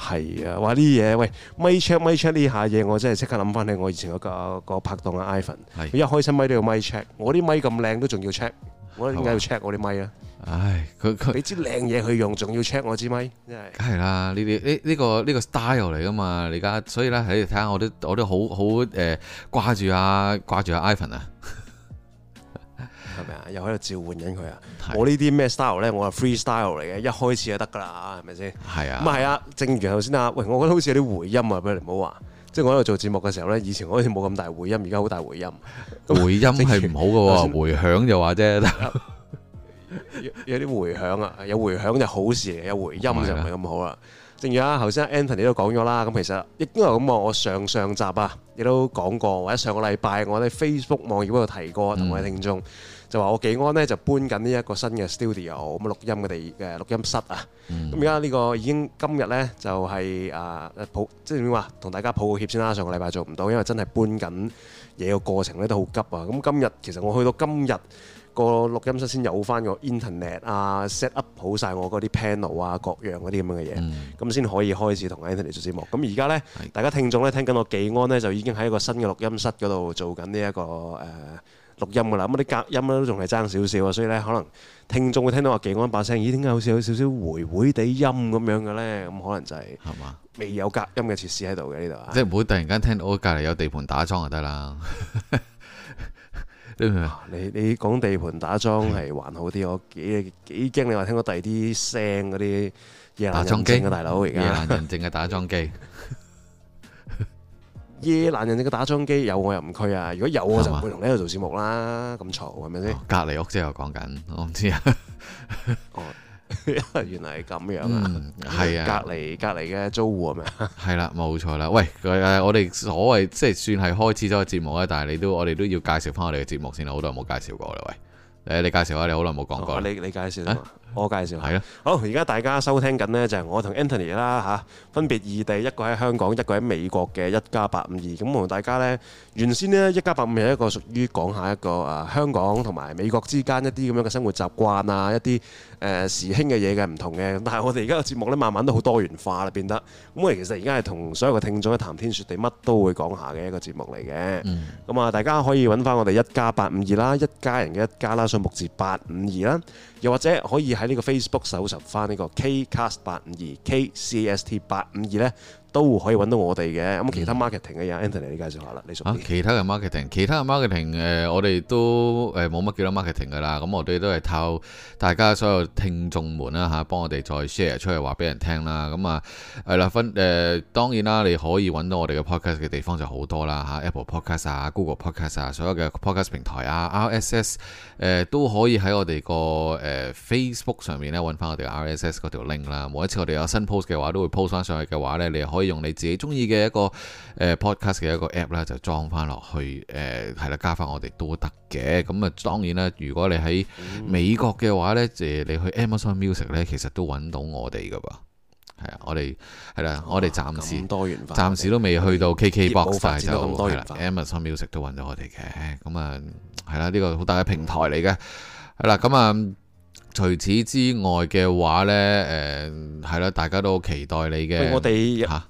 係啊，話啲嘢喂咪 check 咪 check 呢下嘢，我真係即刻諗翻起我以前個個拍檔嘅 Ivan，佢一開心咪都要咪 check 我啲咪咁靚都仲要 check，我點解要 check 我啲咪啊？唉、哎，佢佢俾支靚嘢去用，仲要 check 我支咪？i c 真係。梗係啦，呢啲呢呢個呢、呢個 style 嚟噶嘛，你而家所以咧，睇下我啲我都好好誒掛住啊掛住阿 Ivan 啊。是是又喺度召喚緊佢啊！我呢啲咩 style 咧？我係 freestyle 嚟嘅，一開始就得噶啦，係咪先？係啊的，咁啊係啊。正如頭先啊，喂，我覺得好似有啲回音啊，你不如唔好話。即係我喺度做節目嘅時候咧，以前好似冇咁大回音，而家好大回音。回音係唔 如好嘅，才回響就話啫。有啲回響啊，有回響就好事，有回音就唔係咁好啦。的正如啊，頭先 Anthony 都講咗啦，咁其實亦都係咁。我上上集啊，亦都講過，或者上個禮拜我喺 Facebook 網頁嗰度提過，同埋聽眾。嗯就話我紀安呢，就搬緊呢一個新嘅 studio，咁啊錄音嘅地嘅錄音室啊，咁而家呢個已經今日呢，就係、是、啊抱即係點話同大家抱個歉先啦。上個禮拜做唔到，因為真係搬緊嘢個過程咧都好急啊。咁今日其實我去到今日個錄音室先有返個 internet 啊，set up 好晒我嗰啲 panel 啊，各樣嗰啲咁樣嘅嘢，咁先可以開始同阿 Anthony 做節目。咁而家呢，的大家聽眾呢，聽緊我紀安呢，就已經喺一個新嘅錄音室嗰度做緊呢一個誒。呃錄音噶啦，咁啲隔音咧都仲係爭少少啊，所以咧可能聽眾會聽到阿技安把聲，咦，點解好似有少少回回地音咁樣嘅咧？咁可能就係係嘛，未有隔音嘅設施喺度嘅呢度，啊吧？即係唔會突然間聽到隔離有地盤打樁就得啦。 你你講地盤打樁係還好啲，的我幾幾驚你話聽到第二啲聲，嗰啲夜闌人靜嘅大佬，而家夜闌人靜嘅打樁機。 耶！難、yeah, 人哋個打樁機有我又唔區啊！如果有我就唔會同你喺度做節目啦，咁嘈係咪先？隔離屋即係我講緊，我唔知啊。 哦，原來係咁樣啊！係、嗯、啊隔，隔離隔離嘅租戶係咪啊？係啦，冇錯啦。喂，我哋所謂即係算係開始咗個節目啦，但係你都我哋都要介紹翻我哋嘅節目先啦。好耐冇介紹過啦，喂！誒，你介紹下，你好耐冇講過、哦。你你介紹。啊我介紹係咯，好，而家大家收聽緊咧，就係我同 Anthony 啦嚇，分別異地，一個喺香港，一個喺美國嘅一加八五二。咁我同大家咧，原先咧一加八五二係一個屬於講下一個啊香港同埋美國之間一啲咁樣嘅生活習慣啊，一啲誒時興嘅嘢嘅唔同嘅。但係我哋而家嘅節目咧，慢慢都好多元化啦，變得咁我其實而家係同所有嘅聽眾談天說地，乜都會講下嘅一個節目嚟嘅。咁啊，大家可以揾翻我哋一加八五二啦，一家人嘅一加啦，數目字八五二啦。又或者可以喺呢個 Facebook 搜索翻呢個 KCast 八五二 KCast 八五二呢？都可以揾到我哋嘅，咁其他 marketing 嘅嘢，Anthony 你介紹下啦，你熟嘅，啊。其他嘅 marketing，其他嘅 marketing，誒，我哋都誒冇乜叫得 marketing 嘅啦。咁我哋都係靠大家所有聽眾們啦吓幫我哋再 share 出去話俾人聽啦。咁啊，係，啊，啦，分，啊，誒，啊，當然啦，啊，你可以揾到我哋嘅 podcast 嘅地方就好多啦吓，啊啊啊，Apple podcast 啊，Google podcast 啊，所有嘅 podcast 平台啊，RSS 誒，啊，都可以喺我哋個誒，啊，Facebook 上面咧揾翻我哋 RSS 嗰條 link 啦。每一次我哋有新 post 嘅話都會 post 翻上去嘅話咧，你可。可以用你自己中意嘅一個誒 podcast 嘅一個 app 咧，就裝翻落去誒，係啦，加翻我哋都得嘅。咁啊，當然啦，如果你喺美國嘅話呢，誒、嗯，你去 Amazon Music 呢，其實都揾到我哋噶噃。係啊，我哋係啦，哇我哋暫時暫時都未去到 KKBox，但係就 Amazon Music 都揾到我哋嘅。咁啊，係啦，呢個好大嘅平台嚟嘅。係啦，咁啊，除此之外嘅話呢，誒係啦，大家都期待你嘅。我哋嚇～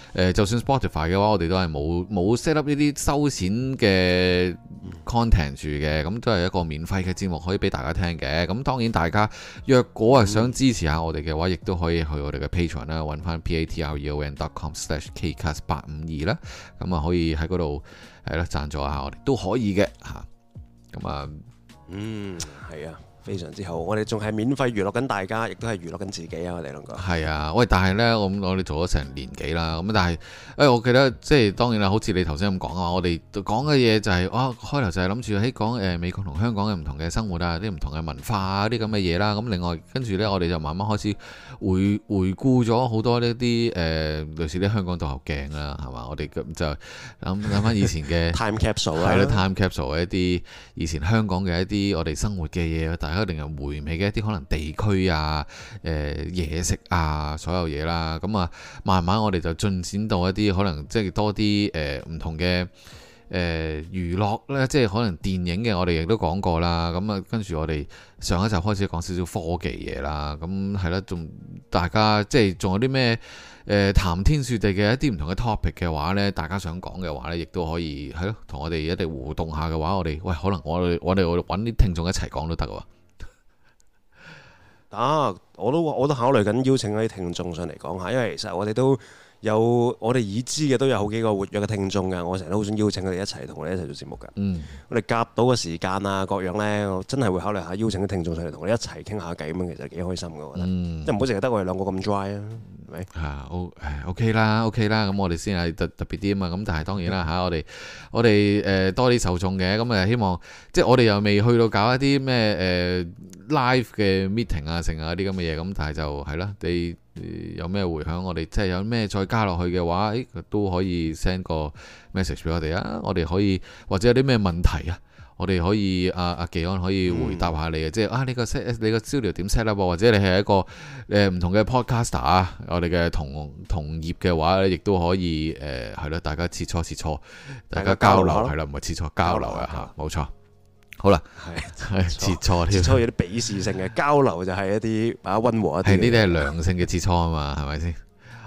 誒、呃，就算 Spotify 嘅話，我哋都係冇冇 set up 呢啲收錢嘅 content 住嘅，咁都係一個免費嘅節目，可以俾大家聽嘅。咁當然大家若果係想支持下我哋嘅話，亦都可以去我哋嘅 Patreon 啦，揾翻 patreon.com/slash KCast 八五二啦，咁啊，可以喺嗰度係咯，贊助下我哋都可以嘅嚇。咁啊，嗯，係啊。非常之好，我哋仲係免費娛樂緊大家，亦都係娛樂緊自，自己啊！我哋兩個係啊，喂，但係呢，咁我哋做咗成年幾啦，咁但係，誒、欸，我記得即係當然啦，好似你頭先咁講啊，我哋講嘅嘢就係哦，開頭就係諗住喺講誒美國同香港嘅唔同嘅生活啊，啲唔同嘅文化啊，啲咁嘅嘢啦，咁另外跟住呢，我哋就慢慢開始回回顧咗好多呢啲誒類似啲香港導遊鏡啦，係嘛？我哋咁就諗諗翻以前嘅 time capsule 啦係啦，time capsule、啊一啲以前香港嘅一啲我哋生活嘅嘢大家令人回味嘅一啲可能地區啊，誒、呃、嘢食啊，所有嘢啦，咁、嗯、啊，慢慢我哋就進展到一啲可能即係多啲誒唔同嘅誒娛樂呢，即係可能電影嘅，我哋亦都講過啦。咁、嗯、啊，跟住我哋上一集開始講少少科技嘢啦。咁係啦，仲大家即係仲有啲咩誒談天說地嘅一啲唔同嘅 topic 嘅話呢，大家想講嘅話呢，亦都可以係咯，同我哋一齊互動下嘅話，我哋喂，可能我哋我哋搵啲聽眾一齊講都得嘅。啊！我都我都考慮緊邀請嗰啲聽眾上嚟講下，因為其實我哋都有我哋已知嘅都有好幾個活躍嘅聽眾嘅，我成日都好想邀請佢哋一齊同我哋一齊做節目㗎。嗯，我哋夾到個時間啊，各樣呢，我真係會考慮下邀請啲聽眾上嚟同我哋一齊傾下偈，咁其實幾開心嘅，我覺得，即係唔好淨係得我哋兩個咁 dry 啊。啊，O，OK 啦，OK 啦，咁、okay、我哋先係特特別啲啊嘛，咁但係當然啦吓 Yeah.、啊，我哋我哋誒、呃、多啲受眾嘅，咁、嗯、誒希望即係我哋又未去到搞一啲咩誒 live 嘅 meeting 啊，成日啲咁嘅嘢，咁但係就係啦，你有咩回響，我哋即係有咩再加落去嘅話，誒都可以 send 個 message 俾我哋啊，我哋可以或者有啲咩問題啊？我哋可以阿阿、啊、紀安可以回答下你嘅，嗯、即係啊呢個 set 你個交流點 set 啊，或者你係一個誒唔同嘅 podcaster 啊，我哋嘅同同業嘅話咧，亦都可以誒係啦，大家切磋切磋，大家交流係啦，唔係切磋交流啊吓，冇錯。錯好啦了，係切磋添，切磋有啲鄙視性嘅 交流就係一啲啊溫和一啲，呢啲係良性嘅切磋啊嘛，係咪先？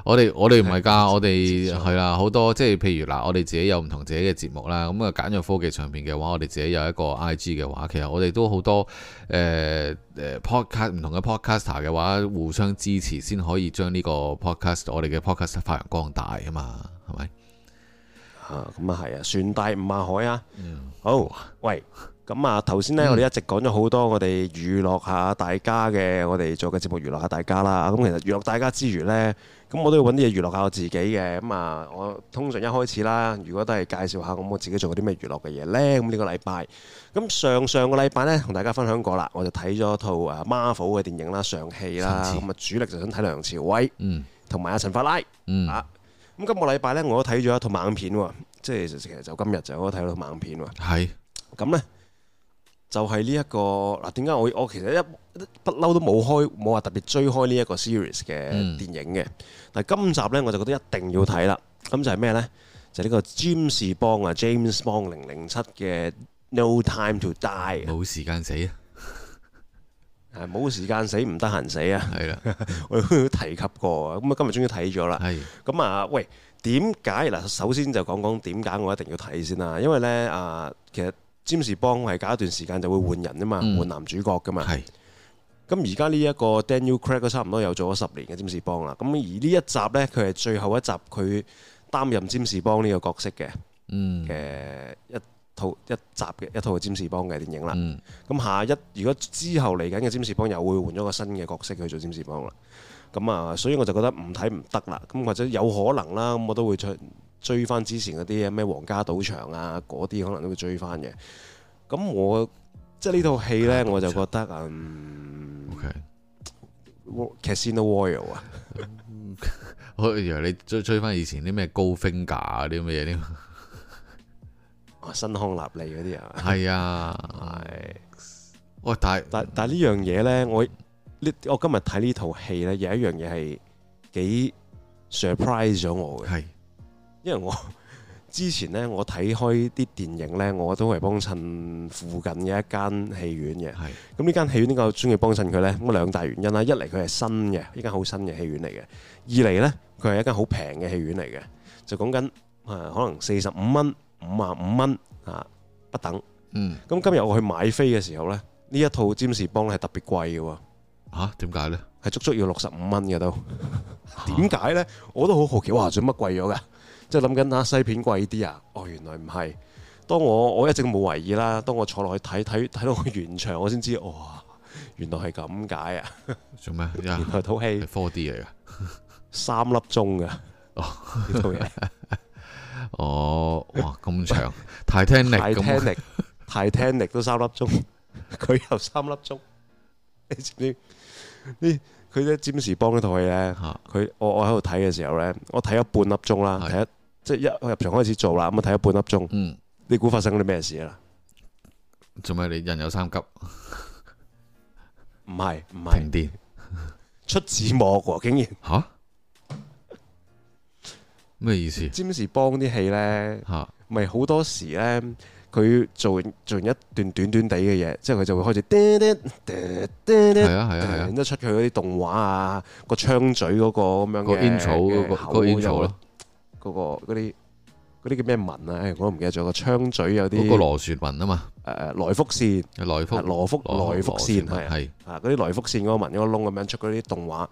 我哋我哋唔係㗎，我哋係啦，好多即係譬如嗱，我哋自己有唔同自己嘅節目啦，咁啊簡約科技上邊嘅話，我哋自己有一個 I G 嘅話，其實我哋都好多誒誒、呃啊、podcast 唔同嘅 podcaster 嘅話，互相支持先可以將呢個 podcast 我哋嘅 podcast 發揚光大啊嘛，係咪啊？咁啊係啊，算、嗯、大唔怕海啊！好，喂，咁啊頭先呢，嗯、我哋一直講咗好多我哋娛樂下大家嘅，我哋做嘅節目娛樂下大家啦。咁其實娛樂大家之餘呢，咁我都會揾啲嘢娛樂下我自己嘅，咁啊，我通常一開始啦，如果都係介紹下，咁我自己做過啲咩娛樂嘅嘢呢？咁呢個禮拜，咁上上個禮拜呢，同大家分享過啦，我就睇咗套啊 Marvel 嘅電影啦，上戲啦，咁啊之主力就想睇梁朝偉，同埋阿陳法拉，嗯、啊，咁今個禮拜呢，我都睇咗一套猛片喎，即係其實就今日就都睇到猛片喎，係是，咁咧。就係呢一個嗱，點解我我其實一不嬲都冇開冇話特別追開呢一個 series 嘅電影嘅，但係今集呢我就覺得一定要睇啦。咁就係咩呢？就呢個 James Bond 啊，James Bond 零零七嘅 No Time to Die 冇時間死啊，係冇時間死，唔得閒死啊，係啦，我有提及過啊。咁啊，今日終於睇咗啦。係咁啊，喂，點解嗱？首先就講講點解我一定要睇先啦。因為呢啊，其實...詹士邦係隔一段時間就會換人啊嘛，換、嗯、男主角噶嘛。咁而家呢一個 Daniel Craig 差唔多有做咗十年嘅詹士邦啦。咁而呢一集呢，佢係最後一集佢擔任詹士邦呢個角色嘅，嘅一套、嗯、一套一集嘅一套詹士邦嘅電影啦。咁、嗯、下一如果之後嚟緊嘅詹士邦又會換咗個新嘅角色去做詹士邦啦。咁、嗯、啊，所以我就覺得唔睇唔得啦。咁或者有可能啦，咁我都會出。追翻之前嗰啲咩皇家賭場啊，嗰啲可能都會追翻嘅。咁我即係呢套戲呢，嗯、我就覺得嗯，O Okay . K，Casino Royale 啊、嗯，我以為你追追翻以前啲咩高 finger 啊啲咁嘅嘢添，新康立利嗰啲啊，係啊 是，係。喂，但係但係呢樣嘢咧，我呢我今日睇呢套戲呢，有一樣嘢係幾 surprise 咗我嘅，因為我之前呢，我睇開啲電影呢，我都係幫襯附近嘅一間戲院嘅。係咁呢間戲院點解我中意幫襯佢呢？咁啊兩大原因啦，一嚟佢係新嘅，呢間好新嘅戲院嚟嘅；二嚟呢，佢係一間好平嘅戲院嚟嘅。就講緊可能四十五蚊，五啊五蚊啊不等。咁、嗯、今日我去買飛嘅時候、啊、呢，呢一套占士邦咧係特別貴嘅。吓？點解呢？係足足要六十五蚊嘅都。點 解呢？ 啊、我都好好奇。話，做乜貴咗噶？即係諗緊啊，西片貴啲啊，哦，原來唔係。當我我一直冇懷疑啦，當我坐落去睇睇睇到完場，我先知，哇，原來係咁解啊！做咩？原來套戲係 four D 嚟噶，三粒鐘噶。哦，呢套嘢。哦，哇，咁長，Titanic，Titanic，Titanic 都三粒鐘。佢又三粒鐘。你知唔知？呢佢都占士邦呢套戲咧，佢我我喺度睇嘅時候咧，我睇咗半粒鐘啦，即係一入場開始做啦，咁啊睇咗半粒鐘，你估發生啲咩事啦？做咩你人有三急？唔係唔係停電出字幕喎，竟然吓咩意思？占士邦啲戲咧，咪好多時咧，佢做完做完一段短短地嘅嘢，之後佢就會開始叮叮叮叮叮，係啊係啊，整得出佢嗰啲動畫啊，個槍嘴嗰個咁樣嘅 intro 嗰個 intro 咯。嗰啲啲叫咩紋啊？哎、我唔記得咗。個槍嘴有啲，嗰個螺旋紋啊嘛。誒誒、呃，來福線，來福、啊，來福，來羅羅福線，係啊羅，嗰啲來福線嗰、嗰個紋，嗰、嗰個窿咁樣出嗰啲動畫。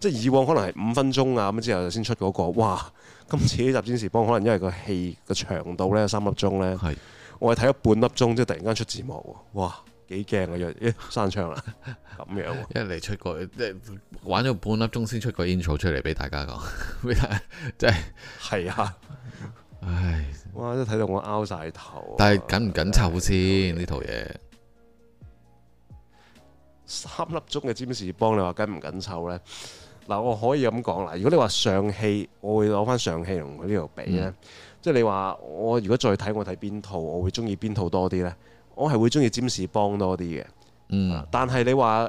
即係以往可能係五分鐘啊，咁之後就先出嗰、嗰個。哇！今次呢集占士邦可能因為個戲個長度咧三粒鐘咧，係的我係睇咗半粒鐘，即係突然間出字幕喎。哇！幾驚、哎、 啊！一閂窗啦，咁樣，一嚟出個即係玩咗半粒鐘先出個 intro 出嚟俾大家講，即係係啊， 唉，哇！真睇到我拗晒頭。但係緊唔緊湊先呢、哎、套嘢？三粒鐘嘅占士邦，你話緊唔緊湊咧？嗱，我可以咁講啦。如果你話上戲，我會攞翻上戲同佢呢度比咧。即係你話我如果再睇，我睇邊套，我會中意邊套多啲咧。我係會中意佔士邦多啲嘅，嗯、但係你話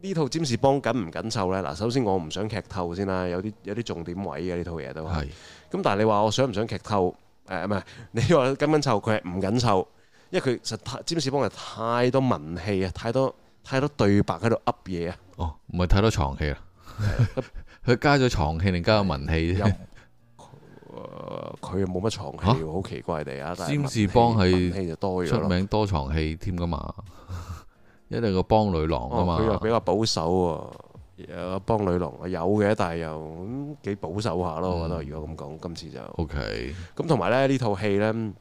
呢套佔士邦緊唔緊湊呢？嗱，首先我唔想劇透先啦，有啲有啲重點位嘅呢套嘢都係。咁是但係你話我想唔想劇透？誒，唔係，你話緊唔緊湊？佢係唔緊湊，因為佢實佔士邦係太多文戲啊，太多太多對白喺度噏嘢啊。哦，唔係太多床戲啦，佢是 加咗床戲定加咗文戲誒，佢又冇乜床戲，好奇怪地啊！占士邦係出名多床戲添噶嘛，因 定個幫女郎啊嘛，佢又、哦、比較保守啊，幫女郎有嘅，但係又咁幾保守下咯，哦、我覺得如果咁講，今次就 OK。咁同埋咧呢套戲咧，誒、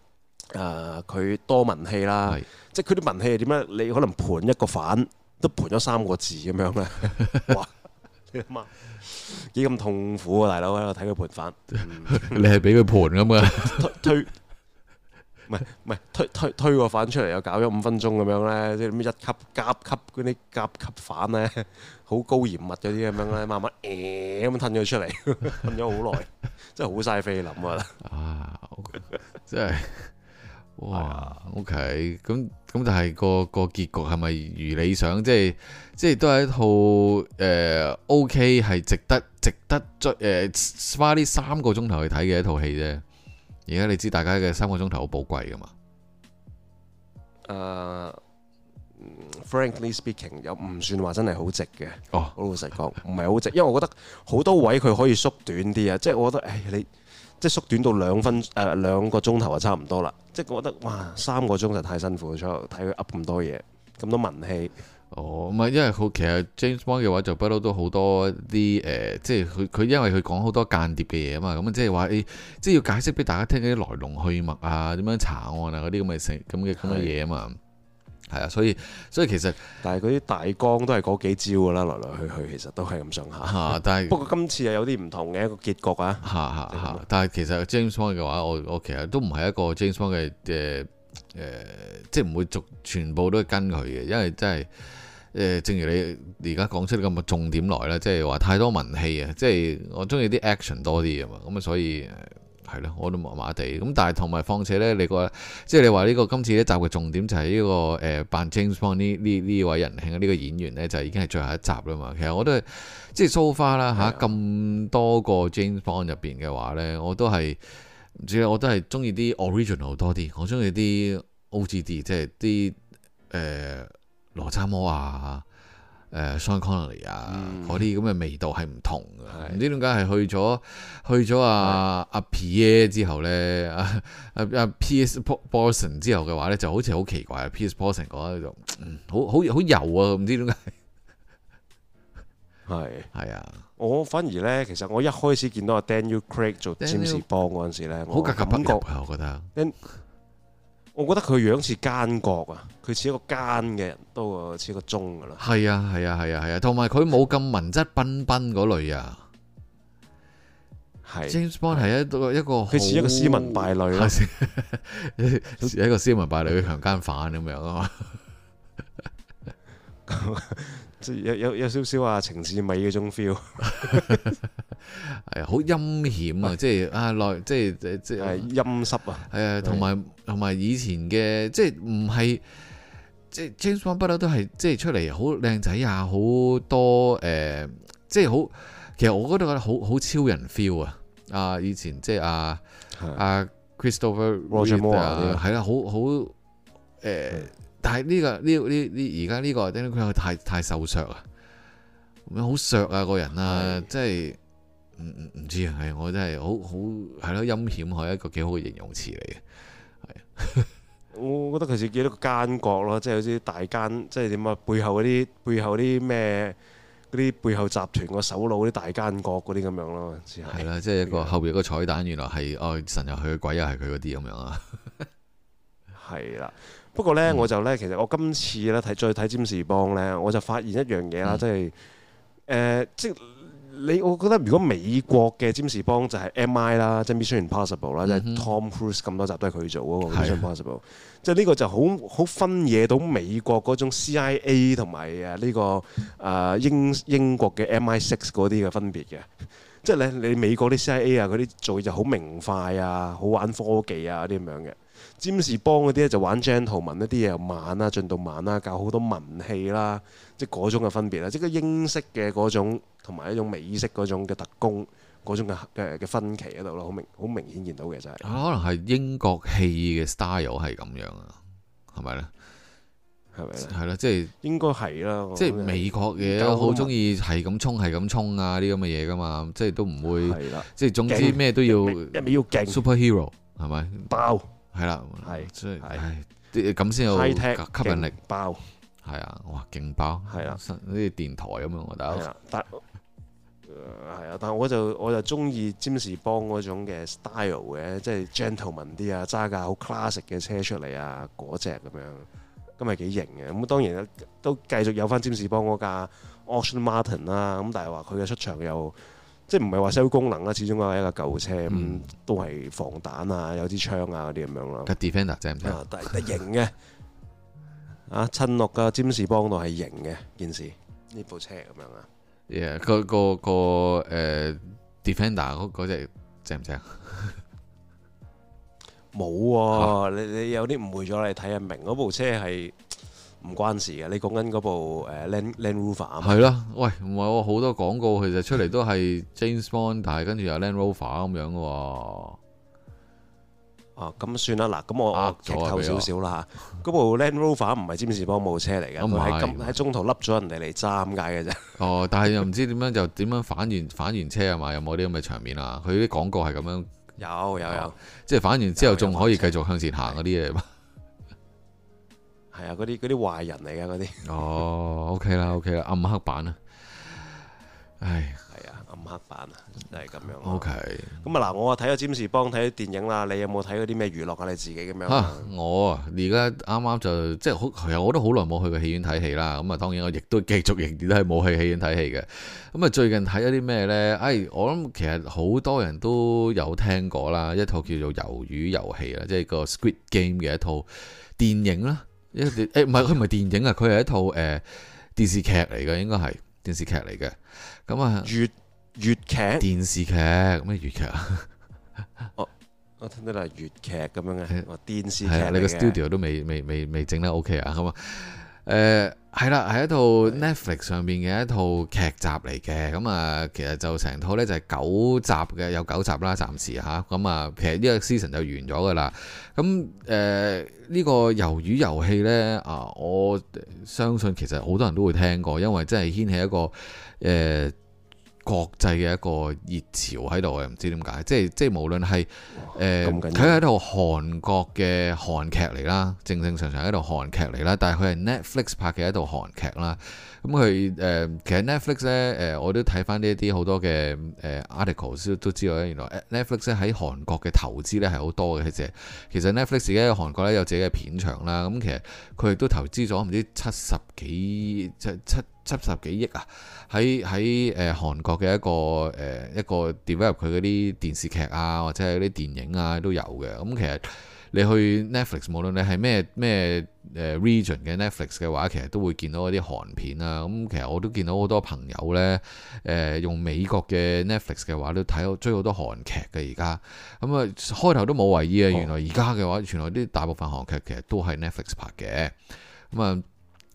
呃，佢多文戲啦，是即係佢啲文戲係點咧？你可能盤一個反都盤咗三個字咁樣咧。哇 幾咁痛苦啊，大佬喺度睇佢盤飯，嗯、你係俾佢盤咁噶？推，唔係唔係，推推推個飯出嚟，又搞咗五分鐘咁樣咧，即係咩一級、甲級嗰啲甲級飯咧，好高嚴密嗰啲咁樣咧，慢慢誒咁吞咗出嚟，吞咗好耐， 真係好晒菲林啊！啊，okay, 真係。哇，OK，咁咁就係個個結局係咪如理想？即係即係都係一套誒、呃、OK 係值得值得追誒、呃，花呢三個鐘頭去睇嘅一套戲啫。而家你知大家嘅三個鐘頭好寶貴噶嘛？誒、uh，Frankly speaking，又唔算話真係好值嘅。哦，好老實講，唔係好值， 因為我覺得好多位佢可以縮短啲啊。即、就、係、是、我覺得，誒、哎，你。即係縮短到兩分誒、呃、兩個鐘頭就差唔多啦，即係覺得哇，三個鐘就太辛苦，所以睇佢噏咁多嘢，咁多文氣。哦，唔係因為佢其實 James Bond 嘅話就不嬲都好多啲誒、呃，即係佢佢因為佢講好多間諜嘅嘢啊嘛，咁即係話誒，即係要解釋俾大家聽嗰啲來龍去脈啊，點樣查案啊嗰啲咁嘅成咁嘅咁嘅嘢啊嘛。係啊，所以所以其實，但係嗰啲大綱都係嗰幾招噶啦，來來去去其實都係咁上下。嚇是！但係不過今次又有啲唔同嘅一個結局啊！嚇嚇嚇！但係其實 James Bond 嘅話，我我其實都唔係一個 James Bond 嘅誒、呃呃、即係唔會逐全部都跟佢嘅，因為真係誒、呃，正如你而家講出咁嘅重點來啦，即係話太多文戲啊，即、就、係、是、我中意啲 action 多啲啊嘛，咁、嗯、啊所以。係咯，我都麻麻地咁，但係同埋，況且咧，你，即你、這個即係你話呢個今次一集嘅重點就係呢、這個誒、呃、扮 James Bond 呢呢位人兄呢個演員呢，就已經係最後一集啦嘛。其實我都係即係 so far 啦吓，咁多個 James Bond 入邊嘅話呢，我都係唔知，我都係中意啲 original 多啲，我中意啲 O.G.D，即係啲誒羅渣魔啊。誒 Sean Connery 啊，嗰啲咁嘅味道係唔同嘅，唔、嗯、知點解係去咗去咗阿阿 Pierce 之後咧，阿阿 Pierce Brosnan 之後嘅話咧，就好似好奇怪啊！Pierce Brosnan 講咧就好好好油啊，唔知點解係係啊！我反而咧，其實我一開始見到阿 Daniel Craig 做占士邦嗰陣時咧，好 Dan 格格不入、啊、我覺得。我覺得佢樣似奸角啊，佢似一個奸嘅人，多過似個忠噶啦。係啊，係啊，係啊，係啊，同埋佢冇咁文質彬彬嗰類是 James Bond 啊。係。James Bond 係一個一個，佢似一個斯文敗類，係 一個斯文敗類嘅強奸犯咁樣啊嘛。 即係有有有少少啊情字美嗰種 feel，係好陰險啊！即係啊內即係即係陰濕啊！誒，同埋同埋以前嘅即係唔係即係 James Bond 不嬲都係即係出嚟好靚仔啊，好多誒、呃，即係好其實我覺得好好超人 feel 啊！啊，以前即係啊阿 Christopher，Roger，係啊，好好誒。但係、這、呢個呢呢呢而家呢個 d o 佢太太受削，削啊，好削啊個人啊，即係唔唔唔知啊，係我真係好好係咯，陰險係一個幾好嘅形容詞嚟嘅，係我覺得佢似幾多個奸角咯，即係好似大奸，即係點啊背後嗰啲背後嗰啲咩嗰啲背後集團個首腦嗰啲大奸角嗰啲咁樣咯，係啦，即係一個後邊個彩蛋原來係哦神又去鬼又係佢嗰啲咁樣啊，係啦的。 不過咧，嗯、我就咧，其實我今次咧睇再睇《占士邦》咧，我就發現一樣嘢啦，即係誒，即係你我覺得，如果美國嘅《占士邦》就係 M I 啦，即係《Mission Impossible》啦，即係 Tom Cruise 咁多集都係佢做嗰個《Mission Impossible》，是即係呢個就好好分野到美國嗰種 C I A 同埋、這、啊呢個啊、呃、英英國嘅 M I Six 嗰啲嘅分別嘅， 即係咧你美國啲 C I A 啊嗰啲做嘢就好明快啊，好玩科技啊啲咁樣嘅。詹姆士邦嗰啲咧就玩 gentleman 咧，啲嘢又慢啦，進度慢啦，教好多文氣啦，即係嗰種嘅分別啦，即係英式嘅嗰種同埋一種美式嗰種嘅特工嗰種嘅嘅嘅分歧喺度咯，好明好明顯見到嘅就係可能係英國戲嘅 style 係咁樣啊，係咪咧？係咪咧？係啦，即係應該係啦，即係美國嘢好中意係咁衝係咁衝啊！啲咁嘅嘢噶嘛，即係都唔會係啦，即係的總之咩害害都要 superhero 係咪包？害爆係啦，係了所以，了唉，咁先有吸引力，巧力包，係啊了，哇，勁包，係啦了，啲電台咁樣，我覺得，係啊，但係 我就我就中意占士邦嗰種嘅 style 嘅，即係 gentleman 啲啊，揸架好 classic 嘅車出嚟啊，嗰隻咁樣，咁係幾型嘅，咁當然都繼續有翻占士邦嗰架 Aston Martin 啦，咁但係話佢嘅出場又，即係唔係話 show 功能啦，始終都係一個舊車咁，都係防彈啊，有啲槍啊嗰啲咁樣咯。個 defender 正唔正啊？但係型嘅，啊，親落個占士邦度係型嘅件事，呢部車咁樣啊。yeah，個個個誒 defender 嗰嗰隻正唔正？冇，你你有啲誤會咗，你睇下明嗰部車係。唔關事嘅，你講緊嗰部誒 Land Land Rover 啊吧？係咯，喂，唔係我好多廣告其實出嚟都係 James Bond，但係跟住又 Land Rover 咁樣喎。 啊，咁算啦，嗱，咁了我點點我劇透少少啦嚇。嗰部 Land Rover 唔係占士邦部車嚟嘅，唔係，佢喺中途笠咗人哋嚟揸咁解嘅啫。哦、啊，但係又唔知點樣就點樣反完反完車係嘛？有冇啲咁嘅場面啊？佢啲廣告係咁樣有有有，即係反完之後仲可以繼續向前行嗰啲嘢。係啊，嗰啲嗰啲壞人嚟噶嗰啲哦，OK 啦，OK 啦，暗黑版啊，唉，係啊，暗黑版、就是、啊，真係咁樣。OK，咁啊嗱，我啊睇咗占士邦睇咗電影啦，你有冇睇嗰啲咩娛樂啊？你自己咁樣啊？啊我啊而家啱啱就即係好，其實我都好耐冇去過戲院睇戲啦。咁啊，當然我亦都繼續仍然都係冇去戲院睇戲嘅。咁啊，最近睇咗啲咩呢？唉、哎，我諗其實好多人都有聽過啦，一套叫做《魷魚遊戲》啊，即係個 Squid Game 嘅一套電影啦。誒唔係，佢唔係電影啊，佢係一套誒、呃、電視劇嚟嘅，應該係電視劇嚟嘅。咁啊，粵粵劇電視劇咩嘅粵劇啊，我我聽得係粵劇咁樣嘅，我電視劇。你個 studio 都未未未未整得 OK 啊，咁啊誒。呃係啦，係一套 Netflix 上面嘅一套劇集嚟嘅，咁啊，其實就成套呢，就係九集嘅，有九集啦，暫時吓。咁啊，其實呢個 season 就完咗㗎啦。咁誒呢個《魷魚遊戲》呢，啊，我相信其實好多人都會聽過，因為真係掀起一個誒。呃國際嘅一個熱潮喺度，我又唔知點解，即係即係無論係誒，佢、呃、係一套韓國嘅韓劇嚟啦，正正常常一套韓劇嚟啦，但係佢係 Netflix 拍嘅一套韓劇啦。咁佢誒，其實 Netflix 咧誒，我都睇翻呢一啲好多嘅誒、呃、article 都都知道咧，原來 Netflix 喺韓國嘅投資咧係好多嘅，其實其實 Netflix 而家喺韓國咧有自己嘅片場啦。咁、嗯、其實佢亦都投資咗唔知七十幾七七。七十幾億啊！喺喺誒韓國嘅一個誒、呃、一個 develop 佢嗰啲電視劇啊，或者係啲電影啊都有嘅。咁、嗯、其實你去 Netflix，無論你係咩咩誒、呃、region 嘅 Netflix 嘅話，其實都會見到嗰啲韓片啊。咁、嗯、其實我都見到好多朋友呢，誒、呃、用美國嘅 Netflix 嘅話，都睇追好多韓劇嘅而家。咁啊，開頭都冇為意啊，原來而家嘅話，原來啲大部分韓劇其實都係 Netflix 拍嘅。咁、嗯、啊～、嗯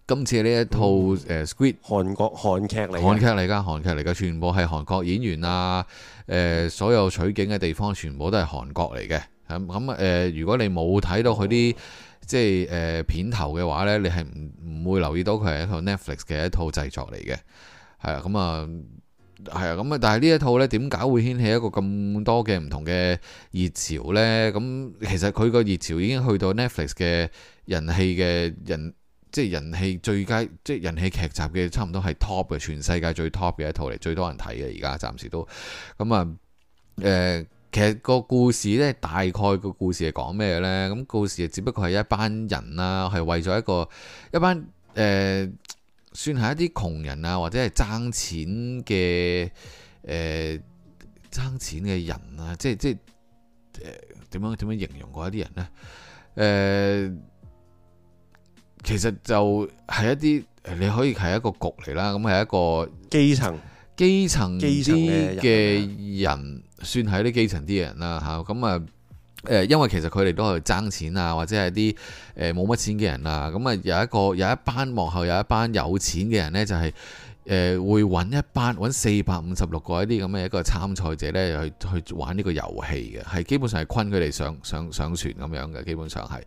今次呢一套誒 Squid 韓國韓劇嚟，韓劇嚟㗎，韓劇嚟㗎，全部係韓國演員啊！誒、呃，所有取景嘅地方全部都係韓國嚟嘅。咁咁誒，如果你冇睇到佢啲即係誒、呃、片頭嘅話呢，你係唔唔會留意到佢係一套 Netflix 嘅一套製作嚟嘅。係啊，咁、嗯、啊，係啊，咁啊，但係呢一套呢，點解會掀起一個咁多嘅唔同嘅熱潮呢？咁、嗯、其實佢個熱潮已經去到 Netflix 嘅人氣嘅人。即係人氣最佳，即係人氣劇集嘅，差唔多係 top 嘅，全世界最 top 嘅一套嚟，最多人睇嘅而家，暫時都咁啊。誒、嗯呃，其實個故事呢，大概個故事係講咩呢？咁故事只不過係一班人啦、啊，係為咗一個一班誒、呃，算係一啲窮人啊，或者係爭錢嘅誒，爭、呃、錢嘅人啊，即係即係點、呃、樣點樣形容嗰一啲人呢？誒、呃。其實就係一啲你可以係一個局嚟啦，咁係一個基層基層啲嘅人，算係啲基層啲嘅人啦嚇，咁啊誒，因為其實佢哋都係爭錢啊，或者係啲誒冇乜錢嘅人啊，咁啊有一個有一班幕後有一班有錢嘅人呢，就係、是、誒會揾一班，揾四百五十六個一啲咁嘅一個參賽者呢，去去玩呢個遊戲嘅，係基本上係坤佢哋上上上船咁樣嘅，基本上係。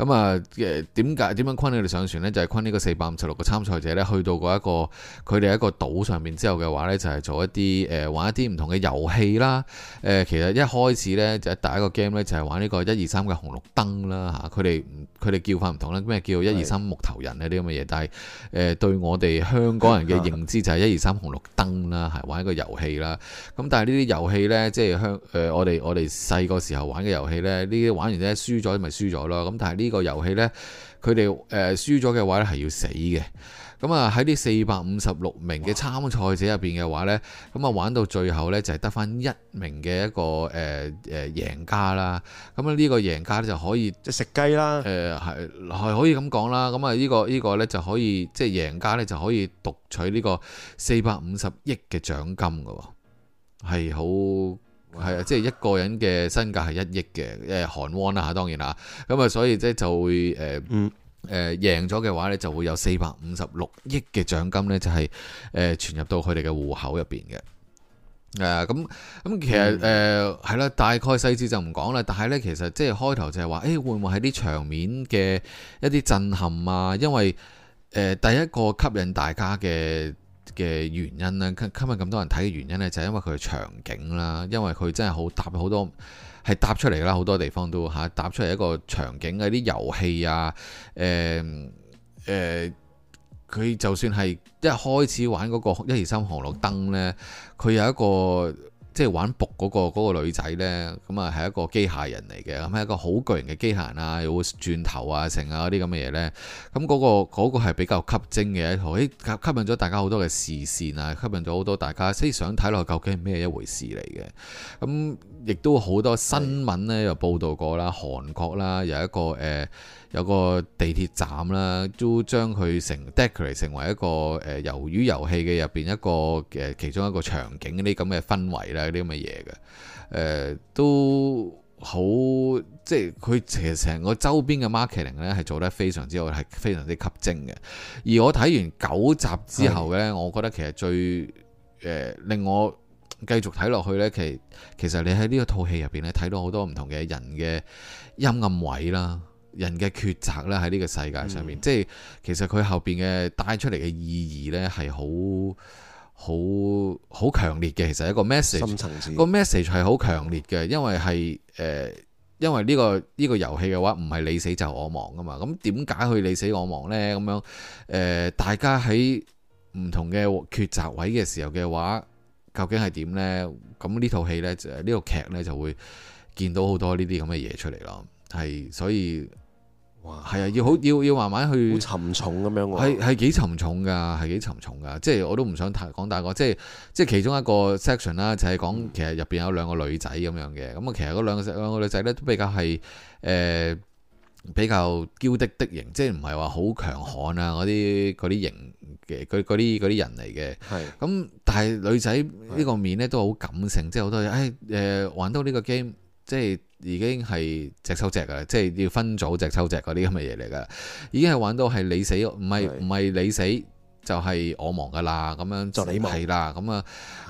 咁啊誒點解點樣昆你哋上船呢？就係昆呢個四百五十六個參賽者呢，去到、那個一個佢哋一個島上面之後嘅話呢，就係、是、做一啲誒、呃、玩一啲唔同嘅遊戲啦。誒、呃、其實一開始呢，就第一個 game 呢，就係、是、玩呢個一二三嘅紅綠燈啦嚇，佢哋佢哋叫法唔同啦，咩叫一二三木頭人呢啲咁嘅嘢，但係誒、呃、對我哋香港人嘅認知就係一二三紅綠燈啦，係、啊、玩一個遊戲啦。咁、啊、但係呢啲遊戲呢，即係香誒我哋我哋細個時候玩嘅遊戲呢，呢啲玩完呢，輸咗咪輸咗咯。咁但係呢、這個呢個遊戲呢，佢哋誒，輸咗嘅話呢係要死嘅。咁啊喺呢四百五十六名嘅參賽者入邊嘅話呢，咁啊哇玩到最後呢，就係得翻一名嘅一個誒誒贏家啦。咁啊呢個贏家呢，這個、就可以即食雞啦。誒，係係可以咁講啦。咁啊呢個呢個呢，就可以即係贏家呢，就可以讀取呢個四百五十億嘅獎金噶，係好。係啊，即係一個人嘅身價係一億嘅，誒韓圜啦吓，當然啦，咁啊，所以即係就會誒誒、呃嗯、贏咗嘅話呢，就會有四百五十六億嘅獎金呢，就係誒存入到佢哋嘅戶口入邊嘅。係咁。咁其實誒係啦，大概細節就唔講啦。但係呢，其實即係開頭就係話，誒、欸、會唔會係啲場面嘅一啲震撼啊？因為誒、呃、第一個吸引大家嘅嘅原因咧，今日咁多人睇嘅原因呢，就係因為佢嘅場景啦，因為佢真係好搭好多，係搭出嚟啦，好多地方都吓搭出嚟一個場景嘅啲遊戲啊，誒、呃、誒，佢、呃、就算係一開始玩嗰個一二三紅綠燈呢，佢有一個。即係玩僕嗰、嗰個嗰、嗰個女仔呢，咁啊係一個機械人嚟嘅，咁、嗯、係一個好巨型嘅機械人啊，又會轉頭啊成啊嗰啲咁嘅嘢呢。咁、嗯、嗰、嗰個嗰係、嗰個、比較吸睛嘅一套，誒吸引咗大家好多嘅視線啊，吸引咗好多大家思想睇落究竟係咩一回事嚟嘅，咁、嗯。亦都好多新聞呢，又報道過啦，韓國啦有一個誒，有個地鐵站啦，都將佢成 decorate 成為一個誒、呃、魷魚遊戲嘅入邊一個嘅、呃、其中一個場景嗰啲咁嘅氛圍啦，嗰啲咁嘅嘢嘅，誒、呃、都好即係佢其實成個周邊嘅 marketing 呢，係做得非常之好，係非常之吸睛嘅。而我睇完九集之後呢，的我覺得其實最誒、呃、令我繼續睇落去呢，其其實你喺呢個套戲入邊咧，睇到好多唔同嘅人嘅陰暗位啦，人嘅抉擇啦，喺呢個世界上面，嗯、即係其實佢後邊嘅帶出嚟嘅意義呢係好好好強烈嘅。其實，其實一個 message，個 message 係好強烈嘅，因為係誒、呃，因為呢個、呢個遊戲嘅話，唔係你死就我亡噶嘛。咁點解去你死我亡呢？咁樣誒、呃，大家喺唔同嘅抉擇位嘅時候嘅話。究竟係點呢？咁呢套戲呢，就呢套劇呢，就會見到好多呢啲咁嘅嘢出嚟咯。係所以，哇，係啊的，要好要要慢慢去，好沉重咁樣。係係幾沉重噶，係幾沉重噶。即係我都唔想太講大個。即係即係其中一個 section 啦，就係講其實入邊有兩個女仔咁樣嘅。咁啊，其實嗰兩個兩個女仔呢，都比較係誒。呃比較嬌滴滴型，即係唔係話好強悍啊嗰啲嗰啲型嘅，嗰啲嗰啲人嚟嘅。係咁是的、嗯，但係女仔呢個面呢是的 都好感性，即係好多嘢。誒、哎呃，玩到呢個 game 即係已經係隻抽隻㗎啦，即係要分組隻抽隻嗰啲咁嘅嘢嚟㗎。已經係玩到係你死唔係唔係你死就係、是、我死亡㗎啦。咁樣就你亡係啦。咁、嗯、啊，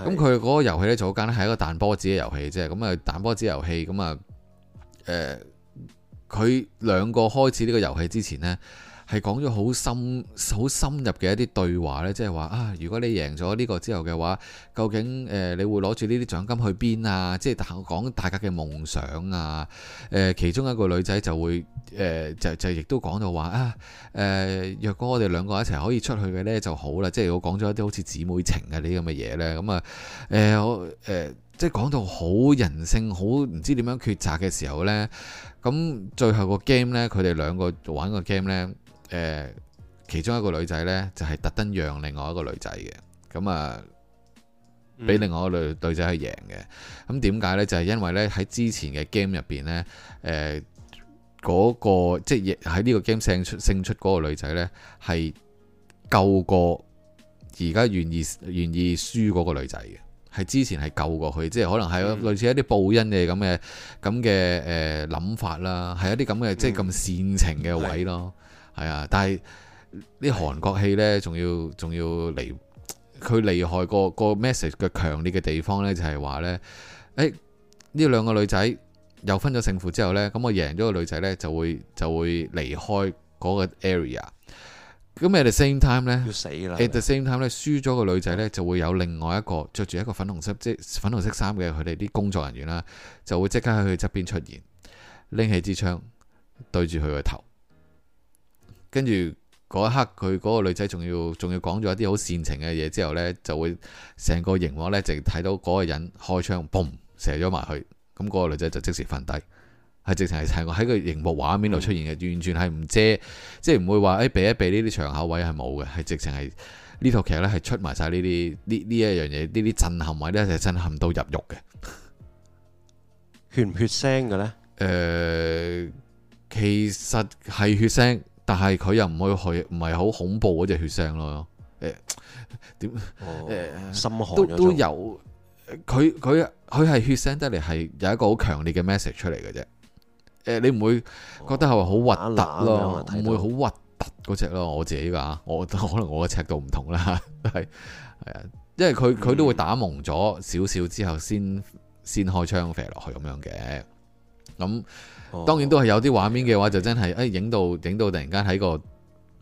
咁佢嗰個遊戲咧就間咧係一個彈波子嘅遊戲啫。咁、嗯、啊，彈波子遊戲咁啊誒。嗯嗯嗯嗯佢兩個開始呢個遊戲之前呢，係講咗好深、好深入嘅一啲對話呢，即係話啊，如果你贏咗呢個之後嘅話，究竟誒、呃、你會攞住呢啲獎金去邊啊？即係我講大家嘅夢想啊。誒、呃，其中一個女仔就會誒、呃、就就亦都講到話啊誒、呃，若果我哋兩個一齊可以出去嘅呢，就好啦。即、呃、係我講咗一啲好似姊妹情啊呢啲咁嘅嘢呢。咁啊誒我誒。即係講到好人性、好唔知點樣抉擇嘅時候呢，咁最後個 game 呢，佢哋兩個玩個 game 呢，誒，其中一個女仔呢，就係特登讓另外一個女仔嘅，咁啊，俾另外一個女女仔去贏嘅。咁點解呢？就係因為呢，喺之前嘅 game 入邊呢，誒，嗰個即係喺呢個 game 勝出勝出嗰個女仔呢，係救過而家願意願意輸嗰個女仔嘅。係之前係救過佢，即係可能係類似一啲報恩嘅咁嘅咁嘅誒諗法啦，係一啲咁嘅即係咁煽情嘅位咯，係啊！但係啲韓國戲呢，仲要仲要離佢離開個個 message 嘅強烈嘅地方呢，就係話呢：欸「誒呢兩個女仔又分咗勝負之後呢，咁我贏咗個女仔呢，就會就會離開嗰個 area。咁 at the same time 咧，要死啦，at the same time 咧，輸咗個女仔呢，就會有另外一個着住一個粉紅色即、就是、粉紅色衫嘅佢哋啲工作人員啦，就會即刻喺佢側邊出現，拎起支槍對住佢個頭，跟住嗰一刻佢嗰個女仔仲要仲要講咗一啲好煽情嘅嘢之後呢，就會成個熒幕呢，就睇到嗰個人開槍，嘣射咗埋去，咁、那、嗰個女仔就即時瞓低。係直情係晒我喺個熒幕畫面度出現嘅，完全係唔遮，即係唔會話誒避一避呢啲場口位係冇嘅，係直情係呢套劇咧係出埋晒呢啲呢呢一樣嘢，呢啲震撼位咧就係震撼到入肉嘅。血唔血腥嘅咧？誒、呃，其實係血腥，但係佢又唔會去，唔係好恐怖嗰隻血腥咯。誒、呃，點？誒、哦、呃、心寒都都有。佢佢佢係血腥得嚟，係有一個好強烈嘅 message 出嚟嘅啫。誒，你唔會覺得係話好核突咯，唔、哦、會好核突嗰隻咯。我自己嘅，我可能我嘅尺度唔同啦，係係啊，因為佢佢都會打蒙咗、嗯、少少之後先，先先開槍射落去咁樣嘅。咁、哦、當然都係有啲畫面嘅話，對對對就真係誒影到影到突然間喺個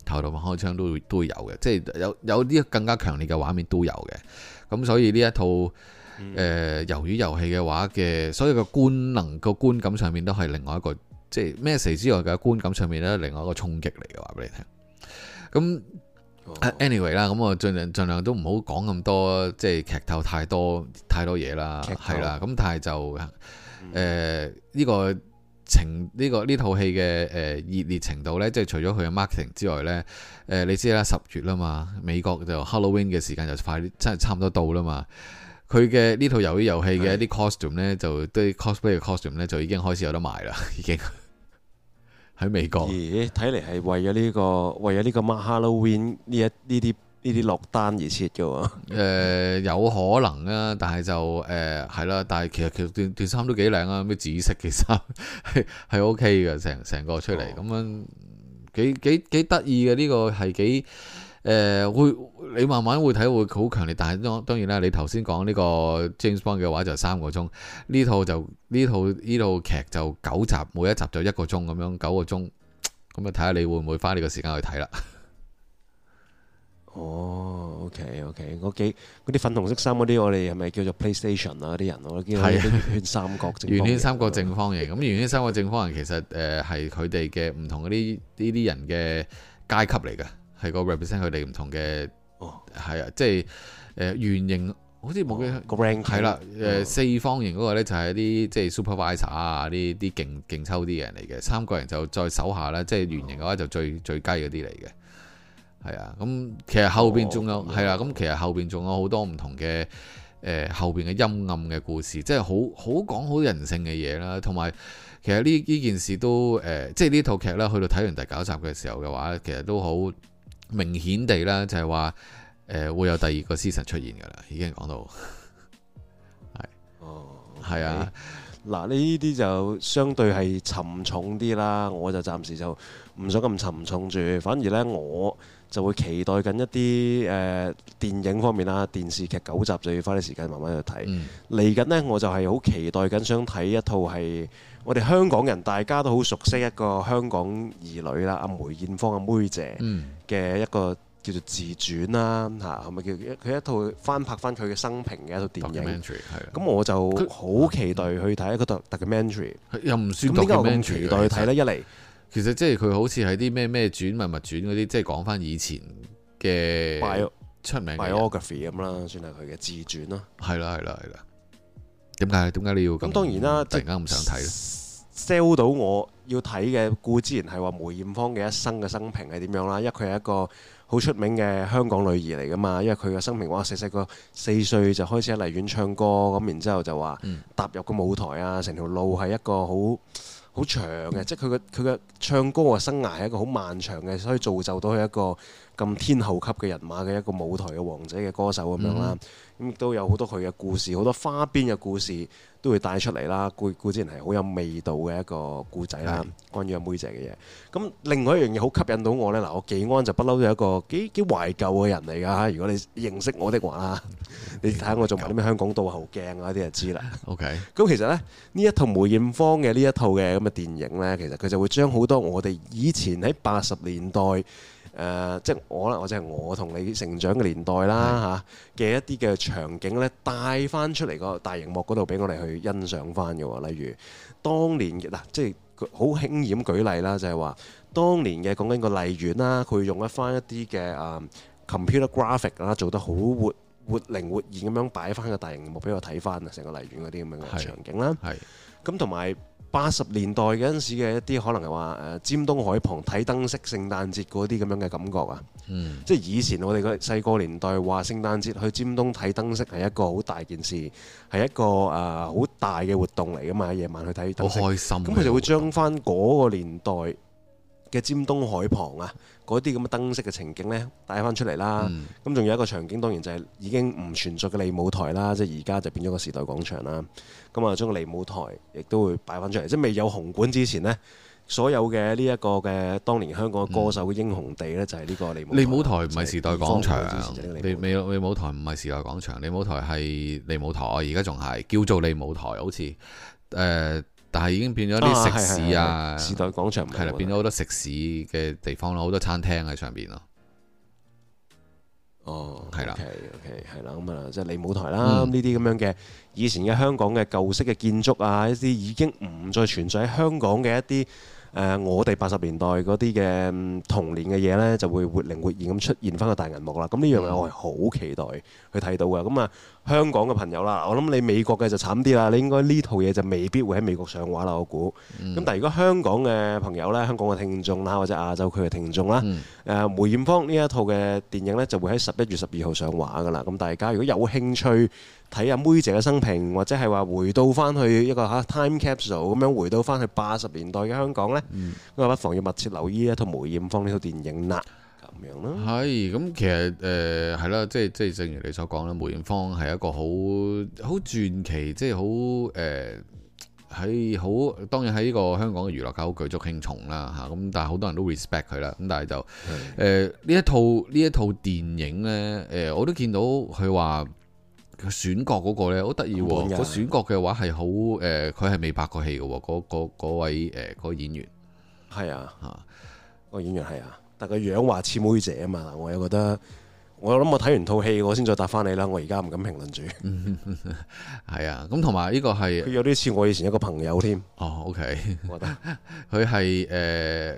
後度開槍都會都有嘅，即係有有啲更加強烈嘅畫面都有嘅。咁所以呢一套誒魷、嗯呃、魚遊戲嘅話嘅，所有嘅觀能個觀感上面都係另外一個，即係 message 之外嘅觀感上面咧，另外一個衝擊嚟嘅話俾你聽。咁、哦、anyway 啦，咁我盡量盡量都唔好講咁多，即係劇透太多太多嘢啦，係啦透。咁但係就誒呢、嗯呃呢個。情呢、呢個呢套戲嘅誒熱烈程度呢，即係除咗佢嘅 marketing 之外呢，誒、呃、你知啦，十月啦嘛，美國就 Halloween 嘅時間就快，真係差唔多到啦嘛，佢嘅呢套遊戲遊戲嘅一啲 costume 呢，就啲 cosplay 嘅 costume 呢，就已經開始有得賣啦，已經喺 美國。咦、yeah，這個？睇嚟係為咗呢個為咗呢個 mark Halloween 呢一呢啲。呢啲落單而設嘅喎、嗯呃，有可能啊，但係就誒係啦，但係其實其實段段衫都幾靚啊，咩紫色嘅衫係係 OK 嘅，成成個出嚟咁樣幾幾幾得意嘅呢個係幾誒、呃、會你慢慢會睇會好強烈，但係當當然啦，你頭先講呢個 James Bond 嘅話就三個鐘，呢套就呢套呢套，套劇就九集，每一集就一個鐘咁樣九個鐘，咁啊睇下你會唔會花呢個時間去睇啦。哦、oh，OK OK，嗰幾嗰啲粉紅色衫嗰啲，我哋係咪叫做 PlayStation 啊啲人？我見到啲圓圈三角正圓圈三角正方形。咁圓圈三角正方形其實誒係佢哋嘅唔同嗰啲呢啲人嘅階級嚟嘅，係個 represent 佢哋唔同嘅。哦，係啊，即係誒圓形好似冇咩個 rank 係啦。誒、呃、四方形嗰個咧就係一啲即係 supervisor 啊，呢啲勁勁抽啲嘅人嚟嘅。三角形就再手下啦，即係圓形嘅話就最最低嗰啲嚟嘅。係啊，咁其實後邊仲有係、哦、啊，咁其實後邊仲有好多唔同嘅誒、呃、後邊嘅陰暗嘅故事，即係好好講好人性嘅嘢啦。同埋其實呢呢件事都誒、呃，即係呢套劇呢，去到睇完第九集嘅時候嘅話，其實都好明顯地啦，就係話誒會有第二個 season 出現嘅啦，已經講到係、 啊、哦，係、okay. 啊，嗱呢啲就相對係沉重啲啦。我就暫時就唔想咁沉重住，反而呢我。就會期待緊一啲誒、呃、電影方面啦，電視劇九集就要花啲時間慢慢去睇。嚟緊、嗯、呢，我就係好期待緊想睇一套係我哋香港人大家都好熟悉一個香港兒女啦，阿、啊、梅艷芳阿妹、啊、姐嘅一個叫做自傳啦嚇，係咪、嗯、叫佢一套翻拍翻佢嘅生平嘅一套電影咁，嗯、我就好期待去睇一個 Documentary 又唔算期待睇咧，一嚟。其實即係佢好似係啲咩咩轉物物轉嗰啲，即係講翻以前嘅出名 biography 咁啦，算係佢嘅自傳咯。係啦係啦係啦，點解點解你要咁？當然啦，突然間唔想睇 sell 到我要睇嘅固之然係話梅艷芳嘅一生嘅生平係點樣啦？因為佢係一個好出名嘅香港女兒嚟噶嘛，因為佢嘅生平話細細個四歲就開始喺荔園唱歌咁，然之後就話踏入個舞台啊，成條路係一個好。好長嘅，即係佢嘅佢嘅唱歌嘅生涯係一個好漫長嘅，所以造就到佢一個咁天后級嘅人馬嘅一個舞台嘅王者嘅歌手咁樣啦。咁亦都有好多佢嘅故事，好多花邊嘅故事。都會帶出嚟啦，故故事情係好有味道嘅一個故仔啦，的關於阿妹姐嘅嘢。咁另外一樣嘢好吸引到我呢，嗱，我幾安就不嬲都係一個幾幾懷舊嘅人嚟㗎，如果你認識我的話，你睇下我做埋啲咩香港倒後鏡啊啲就知啦。OK，咁其實呢呢一套梅艷芳嘅呢一套嘅咁嘅電影呢，其實佢就會將好多我哋以前喺八十年代，誒、呃，即係我啦，或者係我同你成長嘅年代啦，嚇嘅的、啊、一啲嘅場景咧，帶翻出嚟個大螢幕嗰度俾我哋去欣賞翻嘅。例如，當年嗱、啊，即係好輕易舉例啦，就係、是、話當年嘅講緊個荔園啦，佢用一翻一啲嘅啊 computer graphic 啦、啊，做得好活活靈活現咁樣擺翻個大螢幕俾我睇翻啊，成個荔園嗰啲咁樣嘅場景啦。係的。咁同埋。八十年代嗰陣時嘅一啲可能係話誒尖東海旁睇燈飾聖誕節嗰啲咁樣嘅感覺啊，嗯、即係以前我哋個細個年代話聖誕節去尖東睇燈飾係一個好大件事，係一個誒好、呃、大嘅活動嚟㗎嘛，夜晚去睇燈飾，好開心，咁佢就會將返嗰個年代嘅尖東海旁啊。嗰啲咁嘅燈飾嘅情景呢，帶翻出嚟啦。咁仲、嗯、有一個場景，當然就係已經唔存在嘅利舞台啦，即係而家就變咗個時代廣場啦。咁啊，將個利舞台亦都會擺翻出嚟，即係未有紅館之前呢，所有嘅呢一個嘅當年香港歌手嘅英雄地呢，就係呢個利舞台。利舞、嗯、台唔係時代廣場，未未利舞台唔係時代廣場，利舞台係利舞台，而家仲係叫做利舞台，好似誒。呃但係已經變咗啲食肆啊，啊，時代廣場係啦，變咗好多食肆嘅地方咯，好多餐廳喺上邊咯。哦，係啦，OK，OK，係啦，咁啊，okay，okay，即係利舞台啦，呢啲咁樣嘅以前嘅香港嘅舊式嘅建築啊，一啲已經唔再存在喺香港嘅一啲。誒，uh, 我哋八十年代嗰啲嘅童年嘅嘢呢，就會活靈活現咁出現翻個大銀幕啦。咁呢樣嘢我係好期待去睇到嘅。咁啊、嗯，香港嘅朋友啦，我諗你美國嘅就慘啲啦，你應該呢套嘢就未必會喺美國上畫啦。我估。咁、嗯、但係如果香港嘅朋友呢，香港嘅聽眾啦，或者亞洲區嘅聽眾啦，嗯呃、梅艷芳呢一套嘅電影呢，就會喺十一月十二號上畫噶啦。咁大家如果有興趣，睇下《妹姐嘅生平》，或者係話回到翻去一個嚇 time capsule 咁樣回到翻去八十年代嘅香港呢，咁啊、嗯、不妨要密切留意一套梅艷芳呢套電影啦。咁樣咯，係咁、嗯，其實誒係、呃、啦，即係即係正如你所講啦，梅艷芳係一個好好傳奇，即係好誒喺好當然喺呢個香港嘅娛樂界好舉足輕重啦嚇。咁、啊、但係好多人都 respect 佢啦。咁但係就誒呢的、呃、一套呢一套電影呢，誒、呃、我都見到佢話。佢選角嗰個咧好得意喎，個選角嘅話係好誒，佢、呃、係未拍過戲嘅喎，嗰嗰嗰位誒嗰、呃嗰個、演員，係啊嚇，嗰、啊、演員係啊，但佢樣話似妹仔啊嘛，我又覺得。我諗我睇完套戲，我先再答翻你啦。我而家唔敢評論住。係 啊，咁同埋呢個係佢有啲似我以前一個朋友添。哦，OK，我覺得佢係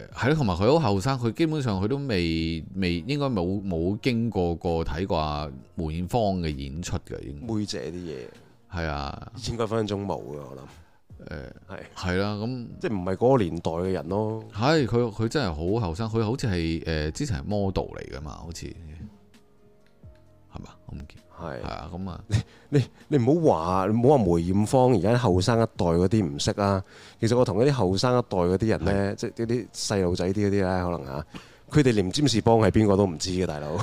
誒係咯，同埋佢好後生，佢、呃、基本上佢都未未應該冇冇經過過睇過梅艷芳嘅演出嘅，應該。梅姐啲嘢係啊，以前嗰分鐘冇嘅，我諗。誒、呃，係係啦，咁即係唔係嗰個年代嘅人咯。係佢佢真係好後生，佢好似係誒之前係 model 嚟噶嘛，好似。係啊，咁啊，你你你唔好話，唔好話梅艷芳，而家後生一代嗰啲唔識啊。其實我同嗰啲後生一代嗰啲人咧，是啊、即係啲啲細路仔啲嗰啲咧，可能啊，佢哋連占士邦係邊個都唔知嘅，大佬。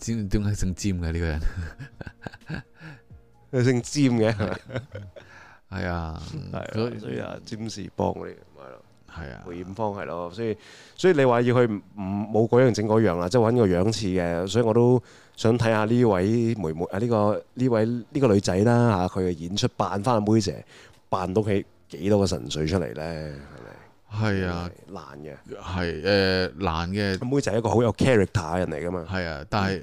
占點解姓占嘅呢個人？佢 姓占嘅係咪？係啊，所以所以啊，占士邦呢？係啊，梅艷芳，係咯，所以所以你話要去唔冇嗰樣整嗰樣啦，即係揾個樣似嘅，所以我都想睇下呢位妹妹啊，呢、這個呢位呢個女仔啦嚇，佢嘅演出扮翻阿妹姐，扮到佢幾多個神髓出嚟咧，係咪？係啊，是是難嘅，係誒、啊呃、難嘅。阿妹姐係一個好有 character 嘅人嚟噶嘛。係啊，但係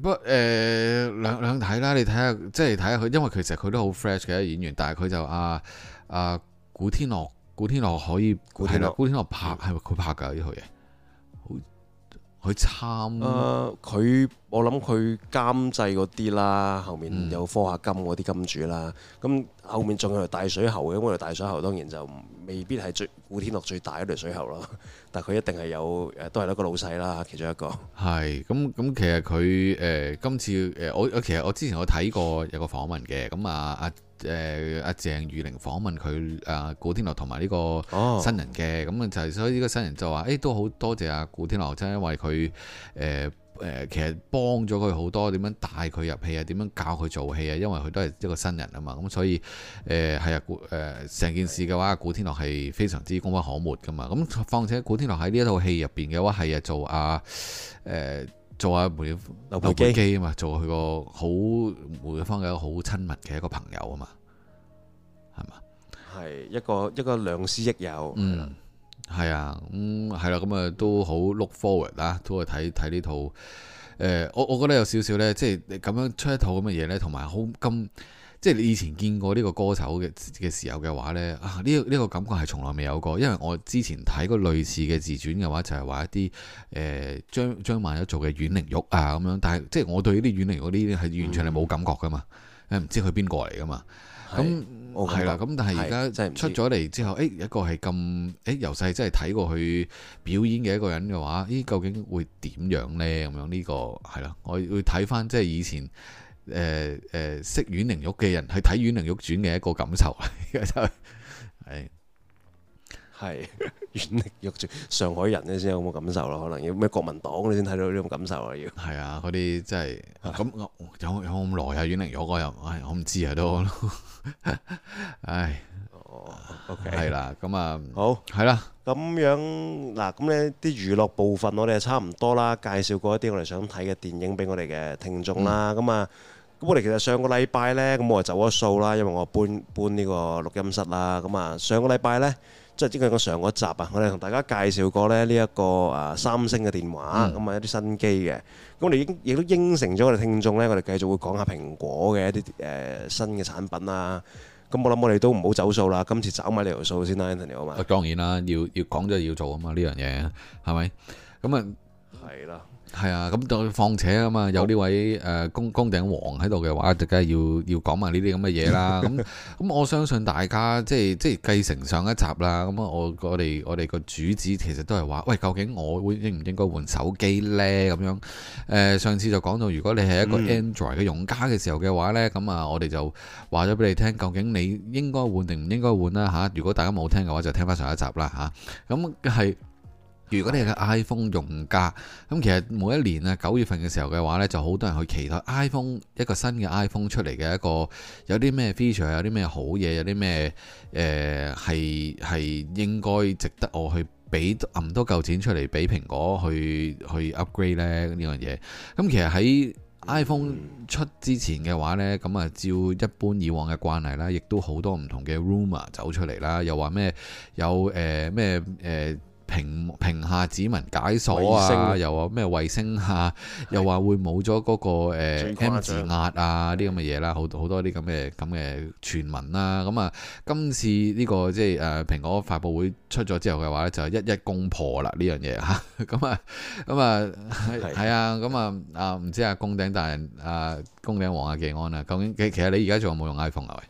不過誒兩兩睇啦，你睇下即係睇下佢，因為其實佢都好 fresh 嘅一演員，但係佢就阿阿、啊啊、古天樂。古天樂可以古天樂，古天樂拍係咪佢拍噶呢套嘢？好佢參誒，佢我諗佢監製，嗰啲啦，後面有科下金嗰啲金主啦。咁、嗯、後面仲有條大水喉嘅，因為條大水喉當然就未必係最古天樂最大一條水喉咯。但係佢一定係有誒，都係一個老細啦，其中一個。係咁咁，其實佢誒、呃、今次誒，我其實我之前我睇過有個訪問嘅，咁啊啊。誒阿、呃、鄭裕玲訪問佢啊，古天樂同埋呢個新人嘅，咁啊，就係所以呢個新人就話，誒都好多謝阿古天樂真係，因為佢誒誒其實幫咗佢好多，點樣帶佢入戲啊，點樣教佢做戲啊，因為佢都係一個新人啊嘛，咁、嗯、所以誒係、呃、啊古誒成、呃、件事嘅話，古天樂係非常之功不可沒噶嘛，咁、嗯、況且古天樂喺呢一套戲入邊嘅話係啊做阿誒。呃做下梅劉基啊嘛，做佢個好梅艷芳嘅一個好親密嘅一個朋友啊嘛，係嘛？係一個一個良師益友，嗯，係啊，咁係啦，咁啊都好 look forward 啦，啊，都係睇睇呢套，誒、呃，我我覺得有少少咧，即係你咁樣出一套咁嘅嘢咧，同埋好咁。即係你以前見過呢個歌手嘅嘅時候嘅話咧，啊呢呢、呢個呢個感覺係從來未有過，因為我之前睇過類似嘅自傳嘅話，就係、是、話一啲誒、呃、張張曼玉做嘅阮玲玉啊咁樣，但係即係我對呢啲阮玲玉呢啲係完全係冇感覺噶嘛，誒唔、嗯、知佢邊個嚟噶嘛，咁係是那啦，咁但係而家出咗嚟之後，誒一個係咁，誒由細真係睇過佢表演嘅一個人嘅話，咦究竟會點樣呢？咁樣呢、呢個係咯，我要睇翻即係以前。誒誒識《阮玲玉》嘅人去睇《阮玲玉》轉嘅一個感受，就係係《阮玲玉》轉上海人咧先有冇感受咯？可能要咩國民黨你先睇到呢種感受啊？要係啊，嗰啲真係咁有有咁耐啊《阮玲玉》我又我唔知啊都，唉，OK 係啦，咁啊好係啦，咁樣嗱，咁呢啲娛樂部分我哋差唔多啦，介紹過一啲我哋想睇嘅電影俾我哋嘅聽眾啦，咁啊。咁我哋其實上個禮拜咧，咁我係走咗數啦，因為我搬搬呢個錄音室啦。咁啊，上個禮拜咧，即係即係我上個集啊，我哋同大家介紹過咧呢一個誒三星嘅電話，咁啊一啲新機嘅。咁我哋已經亦都應承咗我哋聽眾咧，我哋繼續會講下蘋果嘅一啲誒新嘅產品啦。咁我諗我哋都唔好走數啦，今次找埋呢條數先啦，Anthony 啊嘛。啊，當然啦，要要講就係要做啊嘛，呢樣嘢係咪？咁啊，係啦。係啊，咁再況且啊嘛，有呢位誒公公頂王喺度嘅話，就梗係要要講埋呢啲咁嘅嘢啦。咁咁 我相信大家即係即係繼承上一集啦。咁啊，我我哋我哋個主旨其實都係話，喂，究竟我會應唔應該換手機呢？咁樣誒，上次就講到，如果你係一個 Android 嘅用家嘅時候嘅話呢，咁啊、嗯，我哋就話咗俾你聽，究竟你應該換定唔應該換啦？嚇，如果大家冇聽嘅話，就聽翻上一集啦。嚇，咁係。如果你係 iPhone 用家，咁其實每一年啊九月份嘅時候嘅話呢，就好多人去期待 iPhone 一個新嘅 iPhone 出嚟嘅一個有啲咩 feature，有啲咩好嘢，有啲咩誒係係應該值得我去俾咁多嚿錢出嚟俾蘋果去去 upgrade 咧呢樣嘢。咁、這個、其實喺 iPhone 出之前嘅話呢，咁啊照一般以往嘅慣例啦，亦都好多唔同嘅 rumor 走出嚟啦，又話咩有誒咩誒？呃呃呃屏屏下指紋解鎖啊，又話咩衛星啊，又話會冇咗嗰個誒 M 字壓啊啲咁嘅嘢啦，好多好多啲咁嘅咁嘅傳聞啦。咁啊，今次呢個即係誒蘋果發佈會出咗之後嘅話咧，就係一一攻破啦呢樣嘢嚇。咁啊，咁啊，係啊，咁啊啊，唔知阿宮頂大人、阿宮頂王阿紀安啊，究竟其實你而家仲有冇用 iPhone 啊？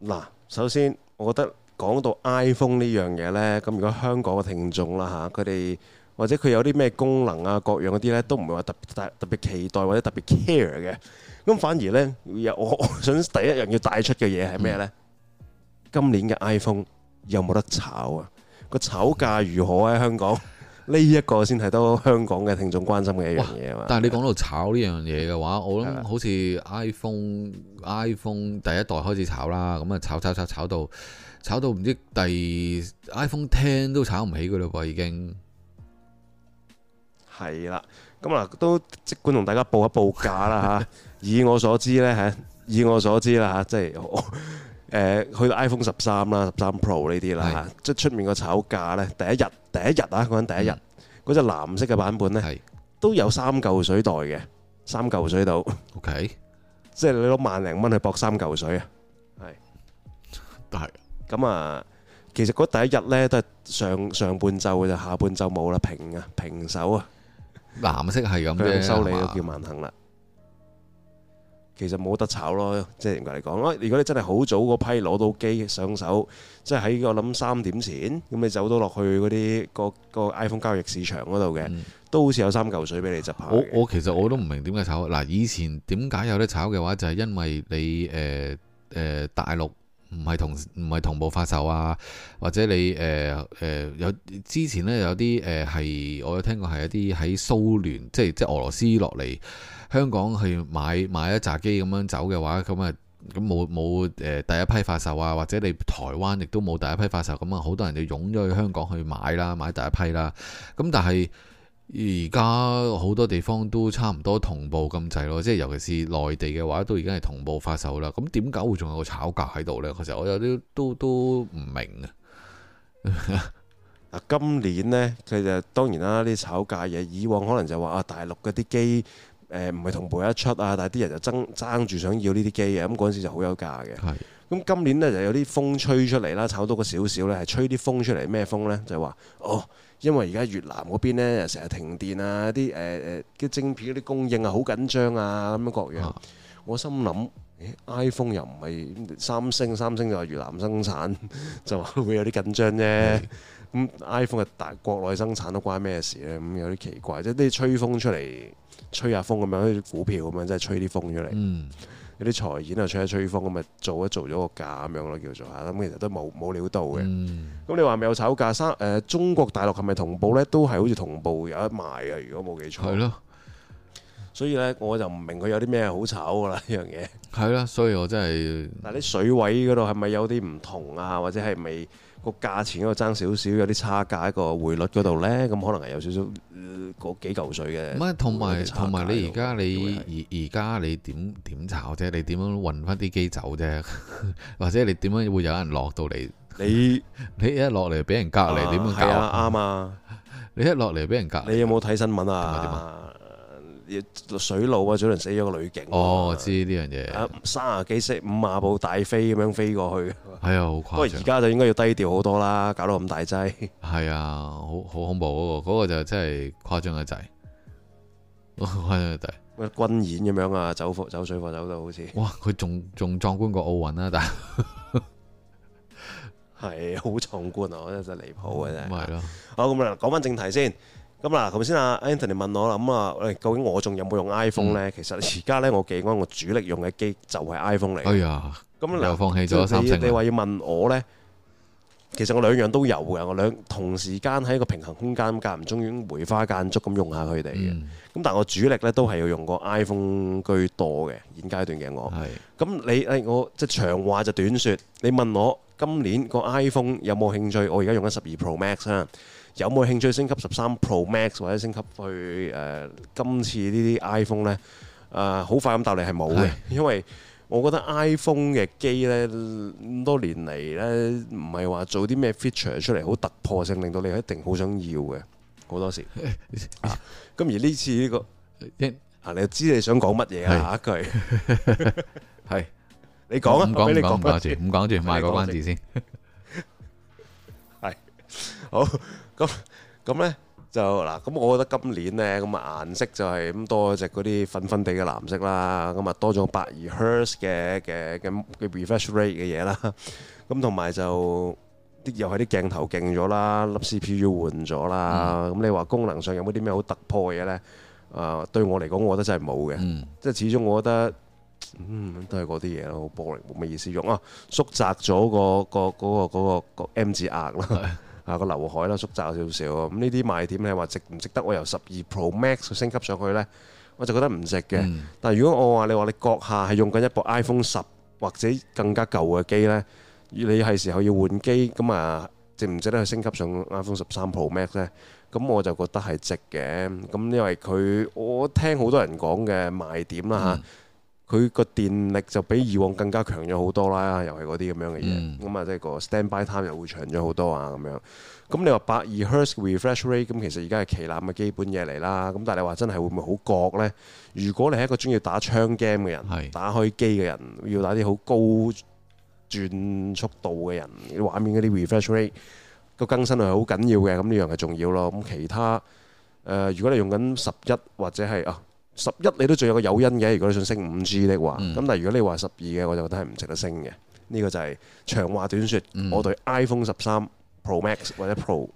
喂，嗱，首先我覺得。講到 iPhone 呢樣嘢呢，咁如果香港嘅聽眾啦嚇，佢哋或者佢有啲咩功能啊，各樣嗰啲呢，都唔會話特別特特別期待或者特別 care 嘅。咁反而呢，我我想第一樣要帶出嘅嘢係咩呢？今年嘅 iPhone 有冇得炒啊？個炒價如何啊？香港？呢一個先係都香港嘅聽眾關心嘅一樣嘢啊嘛。但係你講到炒呢樣嘢嘅話，我諗好似 iPhone iPhone 第一代開始炒啦，咁啊炒炒炒炒到～炒到唔知第 iPhone Ten 都炒唔起噶啦噃，已經係啦。咁啊，都即管同大家報一報價啦吓。以我所知咧，吓，以我所知啦吓，即係我誒，去到 iPhone 十三啦，十三 Pro 呢啲啦吓，即係出面個炒價咧，第一日第一日啊，嗰陣第一日嗰隻藍色嘅版本咧，係都有三嚿水袋嘅，三嚿水度。OK，即係你攞萬零蚊去博三嚿水啊，係但係。咁啊，其實嗰第一日咧都係上上半晝嘅，就下半晝冇啦，平啊，平手啊，藍色係咁樣。收你都叫萬幸啦。其實冇得炒咯，即係嚟講，如果你真係好早嗰批攞到機上手，即係喺我諗三點前，咁你走到落去嗰啲個個 iPhone 交易市場嗰度嘅，都好似有三嚿水俾你執下。我我其實我都唔明點解炒嗱，以前點解有得炒嘅話，就係因為你誒誒大陸。唔係同唔係同步發售啊，或者你誒誒有之前呢，有啲誒係我有聽過係一啲喺蘇聯即係即係俄羅斯落嚟香港去買買一扎機咁樣走嘅話，咁啊咁冇冇誒第一批發售啊，或者你台灣亦都冇第一批發售，咁啊好多人就湧咗去香港去買啦，買第一批啦，咁但係。而家好多地方都差唔多同步咁滯咯，即係尤其是內地嘅話，都已經係同步發售啦。咁點解會仲有個炒價喺度呢？其實我有啲都都唔明啊。 今年呢，其實當然啦，啲炒價嘢以往可能就話啊，大陸嗰啲機唔係同步一出啊，但係啲人就爭爭住想要呢啲機嘅，咁嗰陣時就好有價嘅。係的。咁今年呢，就有啲風吹出嚟啦，炒多個少少呢，係吹啲風出嚟咩風呢？就係話，哦。因為而家越南嗰邊咧，成日停電啊，啲誒誒啲晶片嗰啲供應啊，好緊張啊，咁樣各樣。啊、我心諗，誒 iPhone 又唔係三星，三星就係越南生產， 就話會有啲緊張啫。咁、嗯、iPhone 係大國內生產都關咩事咧？咁有啲奇怪，即係啲吹風出嚟，吹下風咁樣，好似股票咁樣，即係吹啲風出嚟。嗯。有啲財演啊吹一吹風咁咪做一做咗個價咁樣咯叫做嚇咁其實都冇冇料到嘅。咁、嗯、你話咪有炒價生誒、呃、中國大陸係咪同步咧？都係好似同步有得賣嘅。如果冇記錯係咯。了所以咧我就唔明佢有啲咩好炒㗎啦呢樣嘢。係啦，所以我真係。嗱啲水位嗰度係咪有啲唔同啊？或者係未？個價錢嗰度爭少少，有啲差價喺個匯率嗰度呢，咁可能係有少少嗰幾嚿水嘅。同埋同埋你而家你而而家你點點炒啫？你點樣運翻啲機走啫？ 或者你點樣會有人落到嚟？你你一落嚟俾人隔離，點樣搞？係啊，啱啊！你一落嚟俾人隔離，你有冇睇新聞啊？水路啊，早輪死咗個女警。哦，知呢樣嘢。三廿幾色五馬步大飛咁樣飛過去。係啊，好誇張。不過而家就應該要低調好多啦，搞到咁大劑。係啊，好好恐怖嗰個，嗰個就真係誇張嘅仔。誇張嘅仔。軍演咁樣啊，走走水貨走到好似。哇！佢仲仲壯觀過奧運啊，但係好壯觀啊！真係離譜嘅真係。係咯。好，咁啊，講翻正題先。咁嗱，頭先阿 Anthony 問我啦，咁啊，究竟我仲有冇用 iPhone 咧？嗯、其實而家咧，我幾安，我主力用嘅機就係 iPhone 嚟。哎呀，咁又放棄咗三星。咁你話要問我咧，其實我兩樣都有嘅，我兩同時間喺一個平衡空間間唔中，點梅花間竹咁用下佢哋嘅。咁、嗯、但係我主力咧都係要用個 iPhone 居多嘅，現階段嘅我。咁是你誒我即係長話就短説，你問我今年個 iPhone 有冇興趣？我而家用緊十二 Pro Max 啊。有冇興趣升級十三 Pro Max 或者升級去誒今次呢啲 iPhone 咧？誒好快咁答你係冇嘅，因為我覺得 iPhone 嘅機咧，咁多年嚟咧，唔係話做啲咩 feature 出嚟好突破性，令到你一定好想要嘅好多時啊。咁而呢次呢個啊，你知你想講乜嘢啊？下一句係你講啊，唔講唔講唔講住，唔講住賣個關子先係好。咁咁咧就嗱，咁我覺得今年咧咁啊顏色就係咁多隻嗰啲粉粉地嘅藍色啦，咁啊多咗百二赫茲嘅嘅嘅嘅 refresh rate 嘅嘢啦，咁同埋就啲又係啲鏡頭勁咗啦，粒 CPU 換咗啦，咁、嗯、你話功能上有冇啲咩好突破嘅嘢咧？啊、uh，對我嚟講，我覺得真係冇嘅，即係、嗯、始終我覺得，嗯，都係嗰啲嘢咯，好 boring 冇乜意思用啊，縮窄咗、嗰個、嗰個嗰、嗰個嗰 M 字額啦。 啊個劉海啦，縮窄少少，咁呢啲賣點你話值唔值得我由十二 Pro Max 升級上去呢，我就覺得唔值嘅。嗯、但係如果我話你話你閣下係用緊一部 iPhone 十或者更加舊嘅機呢，你係時候要換機咁啊？值唔值得去升級上 iPhone 十三 Pro Max 呢？咁我就覺得係值嘅。咁因為佢我聽好多人講嘅賣點啦嚇。嗯佢個電力就比以往更加強咗好多啦，又係嗰啲咁樣嘅嘢，咁啊即、嗯、係個、嗯就是、standby time 又會長咗好多啊咁樣。咁你話百二赫茲 refresh rate，咁其實而家係旗艦嘅基本嘢嚟啦。咁但係你話真係會唔會好覺呢？如果你係一個中意打槍 game 嘅人，是打開機嘅人要打啲好高轉速度嘅人，畫面嗰啲 refresh rate 個更新係好緊要嘅。咁呢樣係重要咯。咁其他誒、呃，如果你用緊十一或者係啊。十一你都仲有個誘因嘅，如果你想升五 G 的話，咁、嗯、但係如果你話十二嘅，我就覺得係唔值得升嘅。呢、呢個就係長話短説，嗯、我對 iPhone 十三 Pro Max 或者 Pro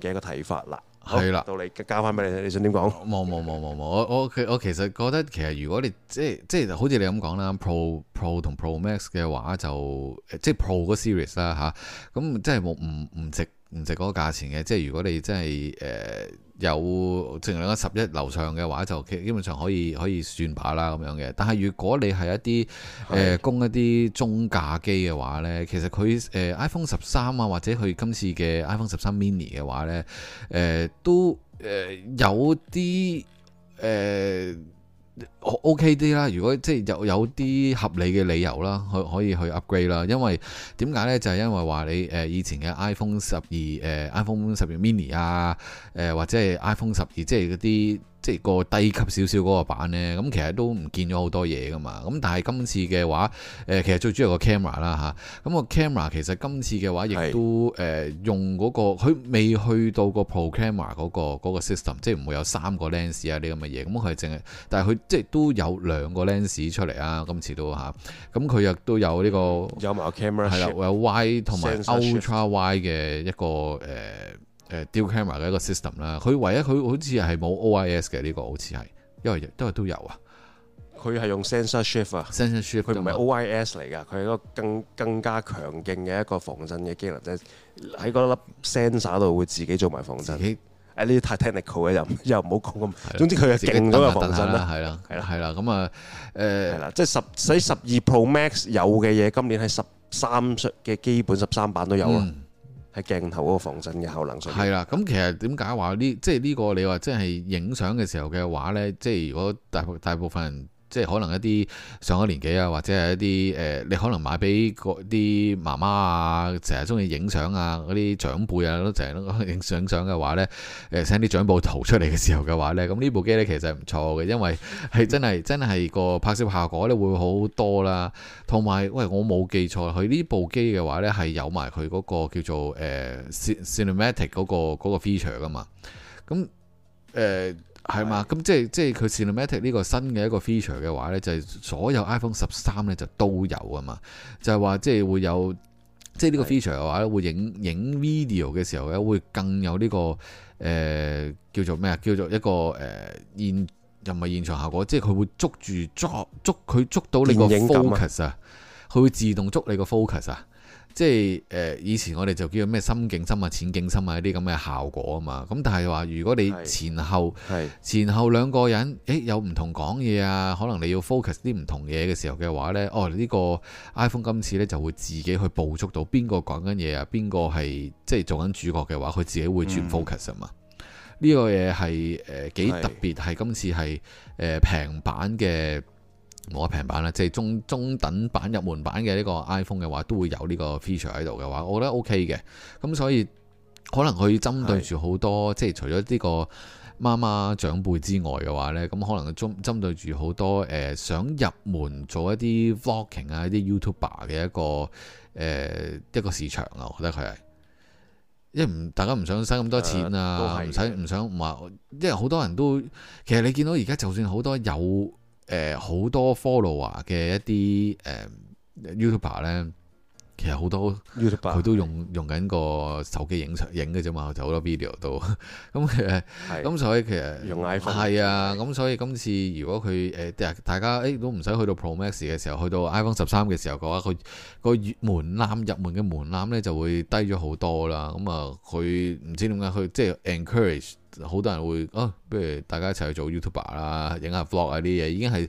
嘅一個睇法啦。係啦，的到你交翻俾你，你想點講？冇冇冇冇冇，我我其我其實覺得其實如果你即係即係好似你咁講啦，Pro Pro 同 Pro Max 嘅話就即係 Pro 嗰 series 啦、啊、吓，咁即係冇唔唔值。唔值嗰個價錢嘅，即係如果你真係誒、呃、有剩喺十一樓上嘅話，就基本上可以可以算把啦咁樣嘅。但係如果你係一啲誒、呃、供一啲中價機嘅話呢，其實佢誒、呃、iPhone 十三啊，或者佢今次嘅 iPhone 十三 mini 嘅話呢，誒、呃、都誒、呃、有啲誒、呃 O K 啲啦，如果即係有有啲合理嘅理由啦，可可以去 upgrade 啦。因為點解咧？就係、是、因為話你誒、呃、以前嘅、呃、iPhone 十二誒 iPhone 十二 mini 啊誒、呃、或者係 iPhone 十二即係嗰啲。即係個低級少少嗰個版呢，咁其實都唔見咗好多嘢噶嘛。咁但係今次嘅話，誒、呃、其實最主要個 camera 啦、啊、嚇。咁、個 camera 其實今次嘅話，亦都誒用嗰、嗰個佢未去到個 Pro camera 嗰、嗰個嗰、嗰個 system，即係唔會有三個 lens 啊啲咁嘅嘢。咁佢係淨係，但係佢即係都有兩個 lens 出嚟啊。今次都嚇，咁佢亦都有呢、嗰個有埋 camera，係啦，有 wide 同埋 ultra wide 嘅一個誒。呃誒 Dual Camera 嘅一個 system 啦，佢唯一佢好似係冇 OIS 嘅呢個，好似係，因為都係都有啊。佢係用 sensor shift 啊，sensor shift，佢唔係 OIS 嚟噶，佢係一個更更加強勁嘅一個防震嘅機能，即係喺嗰粒 sensor 度會自己做埋防震。誒呢啲 technical 嘅又又唔好講咁。總之佢係勁咗嘅防震啦，係啦，係啦，係啦。咁啊，誒，係啦，即係十使十二 Pro Max 有嘅嘢，今年係十三嘅基本十三版都有啊。鏡頭嗰個防震嘅效能上係啦，咁 其實點解話呢？即係、這、呢個你話即係影相嘅時候嘅話呢？即係如果大部大部分人。即係可能一啲上咗年紀啊，或者係一啲誒、呃，你可能買俾嗰啲媽媽啊，成日中意影相啊，嗰啲長輩啊，都成日影相相嘅話呢，誒 send 啲長輩圖出嚟嘅時候嘅話呢，咁呢部機呢，其實唔錯嘅，因為係真係真係個拍攝效果呢會好多啦，同埋喂，我冇記錯佢呢部機嘅話呢，係有埋佢嗰個叫做誒、呃、cinematic 嗰個嗰個 feature 噶嘛，咁誒。呃係嘛？咁、嗯、即係即係佢 Cinematic 呢個新嘅一個 feature 嘅話呢，就係、是、所有 iPhone 十三呢就都有啊嘛。就係、是、話即係會有即係呢個 feature 嘅話呢，會影影 video 嘅時候呢，會更有呢、這個誒叫做咩啊？叫做一個誒、呃、現又唔係現場效果，即係佢會捉住捉捉佢捉到你個 focus 啊！佢會自動捉你個 focus 啊！即係誒、呃，以前我哋就叫做咩心鏡深深景深啊、淺景深啊，一啲咁嘅效果啊嘛。咁但係話，如果你前後前後兩個人，誒、欸、有唔同講嘢啊，可能你要 focus 啲唔同嘢嘅時候嘅話呢，哦，呢、這個 iPhone 今次呢就會自己去捕捉到邊個講緊嘢啊，邊個係即係做緊主角嘅話，佢自己會轉 focus 啊嘛。呢、嗯、個嘢係誒幾特別，係是今次係誒、呃、平板嘅。冇得平版啦，即係中中等版、入門版嘅呢個 iPhone 嘅話，都會有呢個 feature 喺度嘅話，我覺得 OK 嘅。咁所以可能佢針對住好多，是即係除咗呢個媽媽長輩之外嘅話呢，咁可能中針對住好多誒、呃、想入門做一啲 vlogging 啊、一啲 YouTuber 嘅一個誒、呃、一個市場啊，我覺得佢係，因為唔大家唔想使咁多錢啊，唔使唔想唔話，因為好多人都其實你見到而家就算好多有。誒好多 follower 嘅一啲誒、嗯、YouTuber 咧，其實好多 YouTuber 佢都用用緊個手機影攝影嘅啫嘛，就好多 video 都咁，咁、 嗯嗯、是所以其實用 iPhone 係、嗯、啊，咁所以今次如果佢誒、呃，大家誒、欸、都唔使去到 Pro Max 嘅時候，去到 iPhone 十三嘅時候嘅話，佢、個門檻入門嘅門檻咧就會低咗好多啦。咁、嗯、啊，佢、嗯、唔知點解佢即係 encourage。好多人會哦，不、啊、如大家一齊去做 YouTuber 啦，影下 Vlog 啊、啲嘢，已經係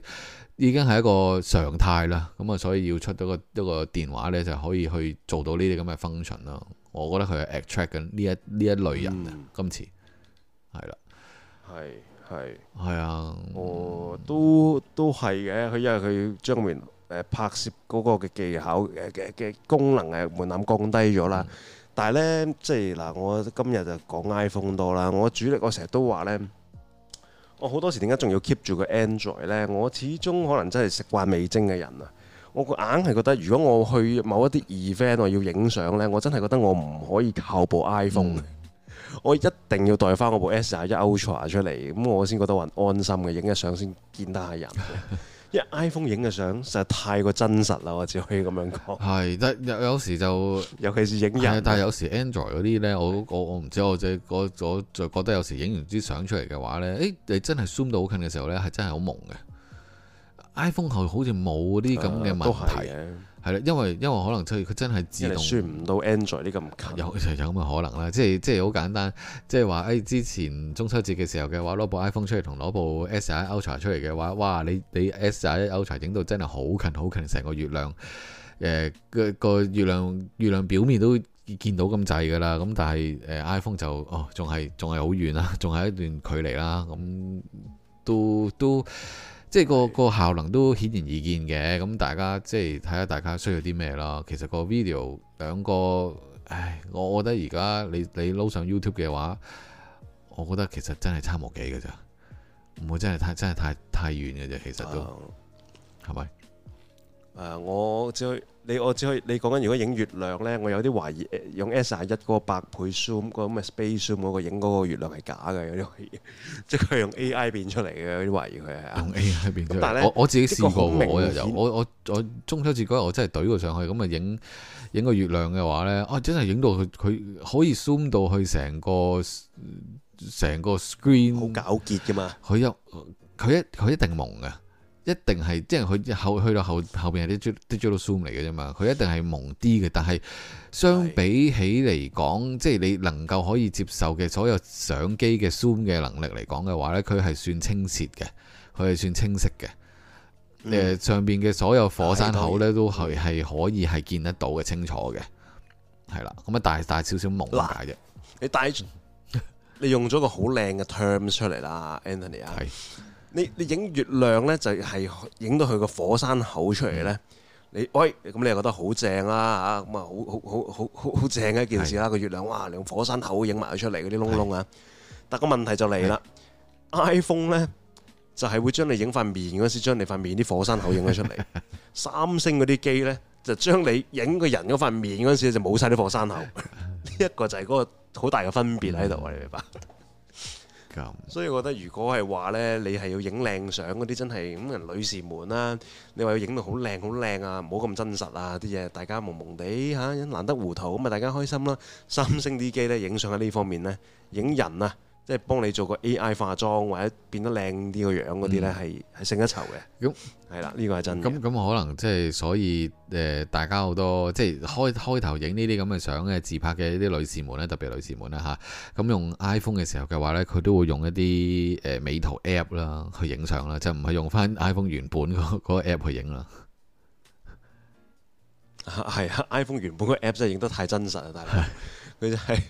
已經係一個常態啦。咁、嗯、啊，所以要出到個多個電話咧，就可以去做到呢啲咁嘅 function 啦。我覺得佢係 attract 緊呢一呢一類人、嗯、啊。今次係啦，係係係啊，哦，都都係嘅。佢因為佢將面誒拍攝嗰個嘅技巧嘅嘅嘅功能嘅門檻降低咗啦。嗯但係咧，即係嗱，我今日就講 iPhone 多啦。我主力我，我成日都話咧，我好多時點解仲要 keep 住個 Android 咧？我始終可能真係食慣味精嘅人啊！我硬係覺得，如果我去某一啲 event 我要影相咧，我真係覺得我唔可以靠部 iPhone、嗯、我一定要帶翻我部 S 廿一 Ultra 出嚟，咁我先覺得話安心嘅，影一相先見得下人。 因為 iPhone 影嘅相實在太過真實啦，我只可以咁樣講。係，得有有時就，尤其是影人。但係有時 Android 嗰啲咧，我的我我唔知，我即係就覺得有時影完啲相出嚟嘅話咧，誒，你真係 zoom 到好近嘅時候咧，係真係好朦嘅。iPhone 係好似冇啲咁嘅問題。啊。係啦，因為因為可能出去佢真係自動輸唔到 Android 呢咁近，有就有咁嘅可能啦。即係即係好簡單，即係話誒之前中秋節嘅時候嘅話攞部 iPhone 出嚟同攞部 S10 Ultra 出嚟嘅話，哇！你你 S10 Ultra 整到真係好近好近，成個月亮誒個、呃、個月亮月亮表面都見到咁滯㗎啦。咁但係誒、呃、iPhone 就哦仲係仲係好遠啦，仲係一段距離啦。咁、啊、都都。都即係個個效能都顯然易見嘅，咁大家即係睇下大家需要啲咩咯。其實個 video 兩個，唉，我覺得而家你你撈上 YouTube 嘅話，我覺得其實真係差無幾嘅咋，唔會真係太真係太太遠嘅啫。其實都，係咪、oh.？誒、呃，我只可以你，我只可以你講緊。如果影月亮咧，我有啲懷疑，用 S21 嗰個百倍 zoom 嗰咁嘅 space zoom 嗰個影嗰個月亮係假嘅有啲可以，即係佢用 AI 變出嚟嘅有啲懷疑佢啊。用 AI 變出嚟、嗯。但係我我自己試過我又又我我我中秋節嗰日我真係對過上去咁啊影影個月亮嘅話咧，哦、啊、真係影到佢佢可以 zoom 到去成個成個 screen。好糾結㗎嘛！佢一佢一佢一定蒙嘅。一定係即係佢，後去到後後邊係 digital zoom 嚟嘅啫嘛，佢一定係蒙啲嘅。但係相比起嚟講，的即係你能夠可以接受嘅所有相機嘅 zoom 嘅能力嚟講嘅話呢，佢係算清晰嘅，佢係算清晰嘅。誒、嗯呃，上邊嘅所有火山口呢，都係係可以係見得到嘅，清楚嘅，係啦。咁啊，大大少少蒙解啫。你帶住，你用咗個好靚嘅 term 出嚟啦，Anthony 啊。你你影月亮呢，就係、是、影到佢個火山口出嚟呢你喂，咁你又覺得好正、啊啊、好，好，好，好，好正啦、啊、嚇，咁啊好好好好好正嘅一件事啦、啊，個是的 月亮哇，連火山口影埋佢出嚟嗰啲窿窿啊！是的 但個問題就嚟啦是的，iPhone 呢，就係、是、會將你影塊面嗰時將你塊面啲火山口影咗出嚟， 三星嗰啲機呢，就將你影個人嗰塊面嗰時就冇晒啲火山口，呢 一個就係嗰個好大嘅分別喺度，你明白。所以我覺得如果係話呢，你係要影靚相嗰啲，真係咁人女士們啦、啊，你話要影到好靚好靚啊，唔好咁真實啊啲嘢，大家朦朦地嚇，難得糊塗，咁啊大家開心啦、啊，三星啲機呢，影相喺呢方面呢，影人啊。即係幫你做個 AI 化妝或者變得靚啲個樣嗰啲呢，係係勝一籌嘅。咁係啦，呢、這個係真。咁咁、嗯嗯、可能即係所以誒，大家好多即係開開頭影呢啲咁嘅相嘅自拍嘅一啲女士們咧，特別女士們啦嚇。咁、啊、用 iPhone 嘅時候嘅話呢佢都會用一啲誒美圖 App 啦去影相啦，就唔、是、係用翻、啊、 iPhone 原本嗰個 App 去影啦。係啊，iPhone 原本個 App 真係影得太真實啊！但係佢就係、是。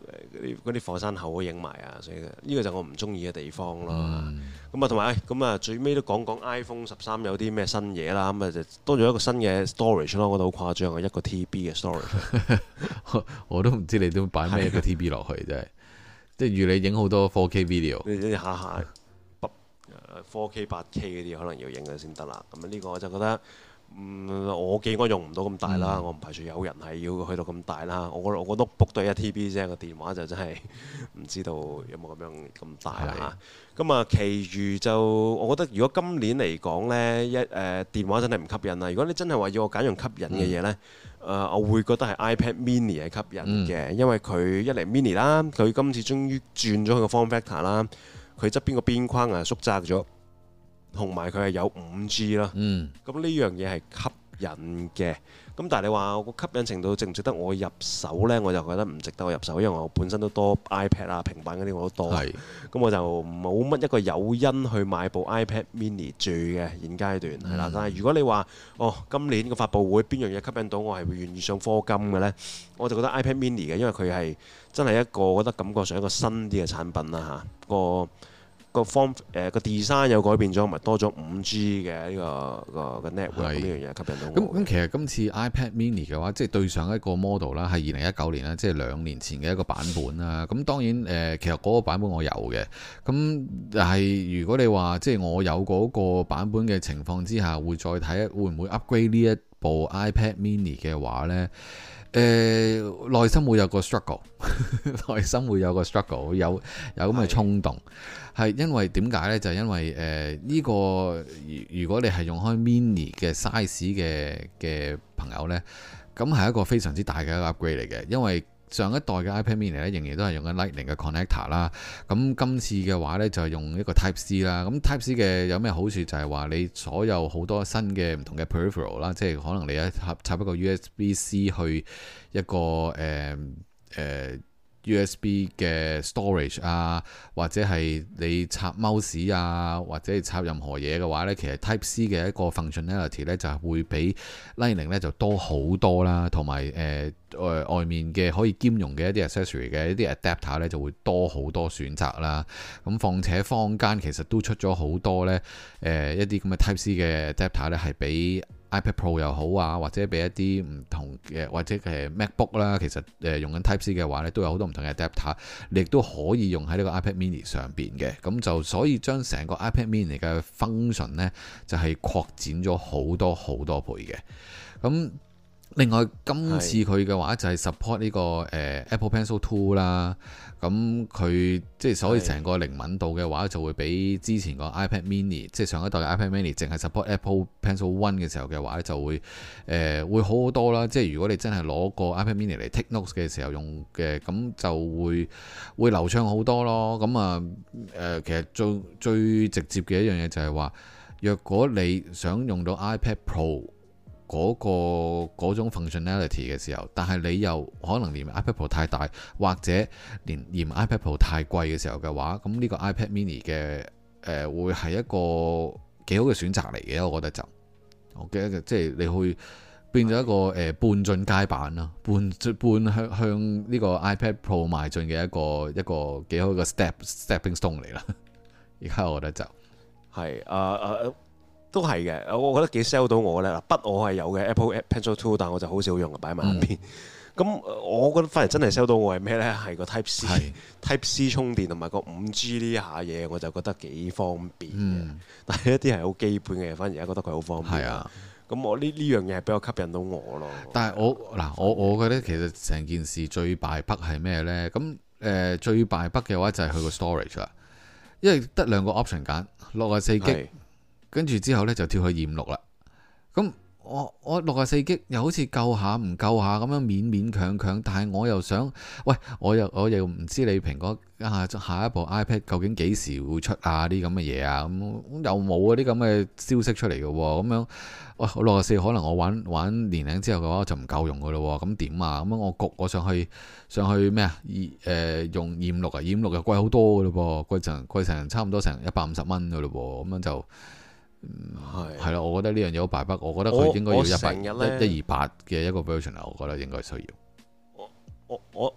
嗰啲啲火山口都影埋啊！所以呢個就我唔中意嘅地方咯。咁啊、嗯，同埋咁啊，哎、最尾都講講 iPhone 十三有啲咩新嘢啦。咁啊，就多咗一個新嘅 storage 咯，我覺得好誇張啊！一個 TB 嘅 storage， 我，我都唔知你都擺咩一個 TB 落的去真係。即係如你影好多 4K video，你一下一下八 4K、8K 嗰啲可能要影嘅先得啦。咁啊，呢個我就覺得。嗯，我嘅、嗯、我用唔到咁大啦，我唔排除有人係要去到咁大啦。我我我 notebook 都一 TB 啫，個電話就真係唔知道有冇咁樣咁大啦。咁的啊，其餘就我覺得如果今年嚟講呢，一誒、呃、電話真係唔吸引啦。如果你真係話要我揀用吸引嘅嘢呢，誒、嗯呃、我會覺得係 iPad Mini 係吸引嘅，嗯、因為佢一嚟 mini 啦，佢今次終於轉咗佢個 form factor 啦，佢側邊個邊框啊縮窄咗。同埋佢係有，有 5G 啦，咁呢、嗯、樣嘢係吸引嘅。咁但係你話個吸引程度值唔值得我入手呢？我就覺得唔值得我入手，因為我本身都多 iPad 啊、平板嗰啲我都多，咁是我就冇乜一個有因去買部 iPad Mini 住嘅現階段係啦的。但係如果你話哦，今年個發布會邊樣嘢吸引到我係會願意上課金嘅呢？嗯、我就覺得 iPad Mini 嘅，因為佢係真係一個我覺得感覺上一個新啲嘅產品啦嚇、啊、個。個 form 誒個 design 又改變咗，咪多咗五 G 嘅呢、這個、這個 network 呢樣嘢吸引到我。咁咁其實今次 iPad Mini 嘅話，即係對上一個 model 啦，係二零一九年啦，即係兩年前嘅一個版本啦。咁當然誒、呃，其實嗰個版本我有嘅。咁係如果你話即係我有嗰個版本嘅情況之下，會再睇會唔會 upgrade 呢一部 iPad Mini 嘅話呢？誒內、呃、心會有個 struggle，內 心會有個 struggle，有有咁嘅衝動，係的因為點解呢？就係、因為誒呢、呃呢個如果你係用開 mini 嘅 size 嘅嘅朋友呢，咁係一個非常之大嘅一個 upgrade 嚟嘅，因為。上一代嘅 iPad Mini 咧，仍然都係用緊 Lightning 嘅 connector 啦。咁今次嘅話咧，就係用一個 Type C 啦。咁 Type C 嘅有咩好處？就係話你所有好多新嘅唔同嘅 peripheral 啦，即係可能你有插插一個 USB C 去一個誒誒。呃呃 USB 嘅 storage 啊，或者係你插 mouse 啊，或者係插任何嘢嘅話呢，其實 Type C 嘅一個 functionality 呢，就係會比 Lightning 呢就多好多啦，同埋誒誒外面嘅可以兼容嘅一啲 accessory 嘅一啲 adapter 呢，就會多好多選擇啦。咁況且坊間其實都出咗好多呢，誒、呃、一啲咁嘅 Type C 嘅 adapter 呢，係比，iPad Pro 又好啊，或者俾一啲唔同嘅，或者係 MacBook 啦，其實誒用緊 Type C 嘅話咧，都有好多唔同嘅 adapter，你亦都可以用喺呢個 iPad Mini 上邊嘅，咁就所以將成個 iPad Mini 嘅 function 咧，就係、是、擴展咗好多好多倍嘅，咁。另外，今次佢嘅話就係 support 呢個誒、呃、Apple Pencil Two 啦，咁佢即係所以成個靈敏度嘅話就會比之前個 iPad Mini 即係上一代嘅 iPad Mini 淨係 support Apple Pencil One 嘅時候嘅話就會誒、呃、會好好多啦。即係如果你真係攞個 iPad Mini 嚟 take notes 嘅時候用嘅，咁就會會流暢好多咯。咁啊誒、呃，其實最最直接嘅一樣嘢就係話，若果你想用到 iPad Pro，嗰、那個嗰種 functionality 嘅時候，但係你又可能嫌 iPad Pro 太大，或者連嫌 iPad Pro 太貴嘅時候嘅話，咁呢個 iPad Mini 嘅誒、呃、會係一個幾好嘅選擇嚟嘅，我覺得就我記得即係你會變咗一個誒是、呃、半進階版啦，半半向向呢個 iPad Pro 邁進嘅一個一個幾好嘅 step stepping stone 嚟啦，而家我覺得就係啊啊！都係嘅，我覺得幾 sell 到我咧。筆我係有嘅，Apple Pencil Two，但我就好少用，擺埋一邊。咁、嗯嗯、我覺得反而真係 sell 到我係咩咧？係個 Type C 是、Type C 充電同埋個五 G 呢一下嘢，我就覺得幾方便、嗯、但係一啲係好基本嘅，反而而家覺得佢好方便。係啊，咁我呢呢樣嘢係比較吸引到我咯。但係我嗱、啊，我我覺得其實成件事最敗筆係咩咧？咁誒、呃、最敗筆嘅話就係佢個 storage 啦，因為得兩個 option 揀六啊四 G。跟住之後呢，就跳去二五六啦。咁我我六十四 G 又好似夠下唔夠下咁樣勉勉強強，但係我又想，喂，我又我又唔知你蘋果、啊、下一部 iPad 究竟幾時會出啊？啲咁嘅嘢啊，咁、嗯、又冇嗰啲咁嘅消息出嚟嘅喎。咁樣喂，六十四可能我玩玩年零之後嘅話就唔夠用嘅咯。咁點啊？咁、啊、我焗我上去上去咩、呃、啊？二用二五六啊，二五六又貴好多嘅咯噃，貴成貴成差唔多成一百五十蚊嘅咯噃。咁樣就～係係啦，我覺得呢樣嘢好敗筆，我覺得佢應該要一百、一二八嘅一個 version 我覺得應該需要我。我我我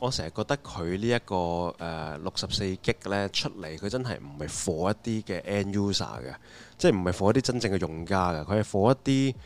我成日覺得佢、這個 uh, 呢一個誒六十四 G 呢出嚟，佢真係唔係 for 一啲嘅 end user 嘅，即係唔係 for 一啲真正嘅用家嘅，佢係 for 一啲誒、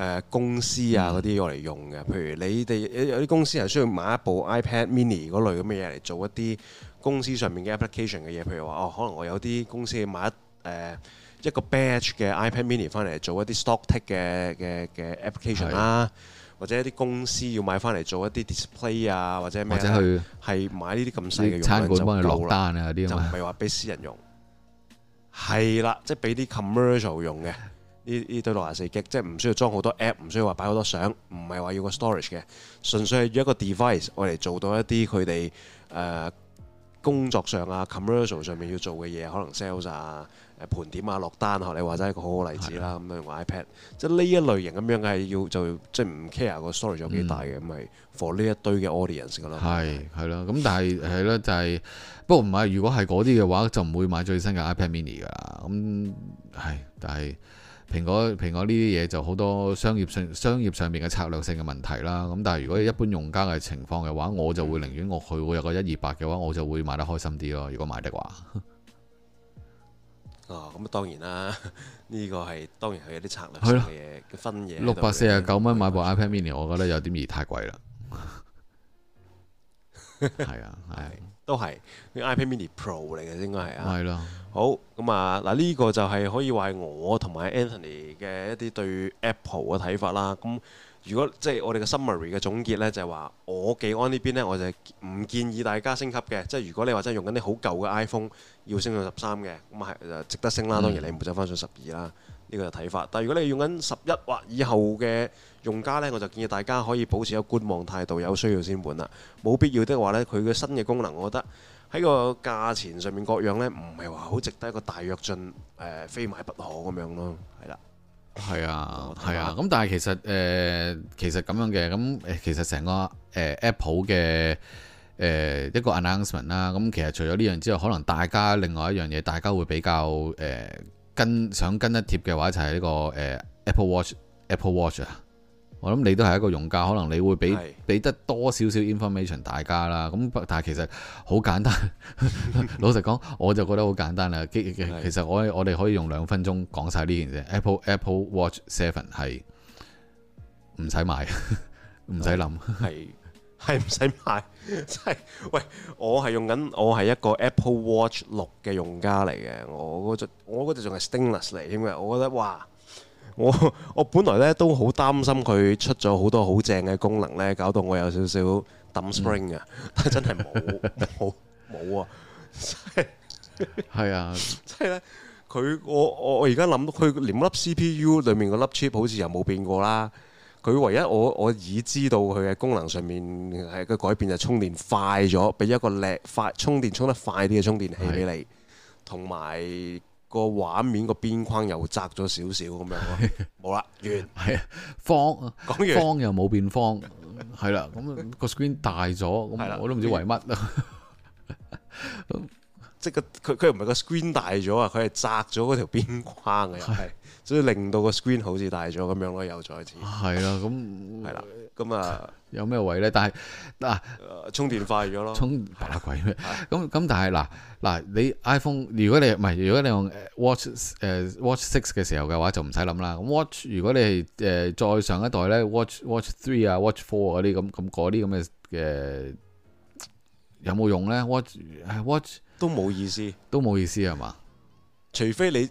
uh, 公司啊嗰啲我嚟用嘅。嗯、譬如你哋有啲公司係需要買一部 iPad Mini 嗰類咁嘅嘢嚟做一啲公司上面嘅 application 嘅嘢，譬如話哦，可能我有啲公司要買一誒。Uh, 一個 batch 嘅 iPad Mini 翻嚟做一啲 stock take 嘅嘅嘅 application 啦，或者一啲公司要買翻嚟做一啲 display 啊，或者咩啊，或者去係買呢啲咁細嘅用，啲餐館幫佢落單啊啲咁啊，就唔係話俾私人用，係啦，即係俾啲 commercial 用嘅呢呢對六十四 gig，即係唔需要裝好多 app，唔需要話擺好多相，唔係話要個 storage 嘅，純粹係用一個 device 用嚟做到一啲佢哋誒工作上啊 commercial 上面要做嘅嘢，可能 sales 啊。盤點點啊落單學，你話齋係一個好好例子啦。咁樣的用 iPad，即係呢一類型咁樣嘅要就即係唔 care 個 story 有幾大嘅，咁係、嗯、for 呢一堆嘅 audience 噶咯。係係咯，咁但係係咯，就係、是、不過唔係。如果係嗰啲嘅話，就唔會買最新嘅 iPad Mini 噶。咁係，但係蘋果蘋果呢啲嘢就好多商業上商業上面嘅策略性嘅問題啦。咁但係如果一般用家嘅情況嘅話，我就會寧願我去會有個一二百嘅話，我就會買得開心啲咯。如果買的話。哦，咁啊當然啦，呢、這個係當然係有啲策略性嘅分野啦。六百四十九蚊買部 iPad Mini， 我覺得有點二太貴啦。係 啊，係、啊，都係 iPad Mini Pro 嚟嘅，應該係啦啊。係咯，好咁啊，嗱呢個就係可以話係我同埋 Anthony 嘅一啲對 Apple 嘅睇法啦。咁如果即係、就是、我哋嘅 summary 嘅總結呢，就係、是、話我記安呢邊呢，我就唔建議大家升級嘅。即、就、係、是、如果你話真係用緊啲好舊嘅 iPhone。要升到十三嘅，咁係值得升啦。當然你唔會走翻上十二啦，呢、嗯、個係睇法。但係如果你用緊十一或以後嘅用家呢，我就建議大家可以保持有個觀望態度，有需要先換啦。冇必要的話呢，佢嘅新嘅功能，我覺得喺個價錢上面各樣呢，唔係話好值得一個大躍進，誒、呃、非買不可咁樣咯。係啦，係啊，係、嗯、啊。咁但係其實誒、呃，其實咁樣嘅，咁誒其實成個、呃、Apple 嘅。誒、呃、一個 announcement 啦，咁其實除咗呢樣之外，可能大家另外一樣嘢，大家會比較誒、呃、跟想跟得貼嘅話，就係、是、呢、這個誒、呃、Apple Watch，Apple Watch 啊 Apple Watch，我諗你都係一個用家，可能你會俾俾的得多少少 information 大家啦。咁但係其實好簡單， 老實講，我就覺得好簡單啦。 其實我我哋可以用兩分鐘講晒呢件嘢。的 Apple Apple Watch Seven 係唔使買，唔使諗，係的。 係唔使買，即係，喂，我係用緊，我係一個 Apple Watch 六嘅用家嚟嘅，我嗰隻，我隻仲係 stainless 嚟添嘅，我覺得哇，我我本來咧，都好擔心佢出咗好多好正嘅功能咧，搞到我有少少揼 spring 嘅，嗯、但係真係冇冇冇啊！係係啊，即係咧，佢我我我而家諗佢連粒 CPU 裏面個粒 chip 好似又冇變過啦。佢唯一我我已知道佢嘅功能上面係一個改變就係充電快咗，俾一個靚快充電充得快啲嘅充電器俾你，同埋個畫面個邊框又窄咗少少咁樣咯，冇啦，圓係啊，方講完方又冇變方，係啦，咁個 screen 大咗，咁係啦，我都唔知為乜啊，即係個佢佢唔係個 screen 大咗啊，佢係窄咗嗰條邊框嘅又係。所以令到個 screen 好似大咗咁樣咯，又再次。係啦，咁係啦，咁 啊，有咩位咧？但係嗱，充電快咗咯。啊、充白啦鬼咩？咁咁、啊，的但係嗱嗱，你 iPhone 如果你唔係如果你用 Watch 誒、呃、Watch Six 嘅時候嘅話就，就唔使諗啦。咁 Watch 如果你係誒、呃、再上一代咧，Watch Watch Three 啊，Watch Four 嗰啲咁咁嗰啲咁嘅嘅有冇用咧？Watch、呃、Watch 都冇意思，啊、都冇意思係嘛？除非你。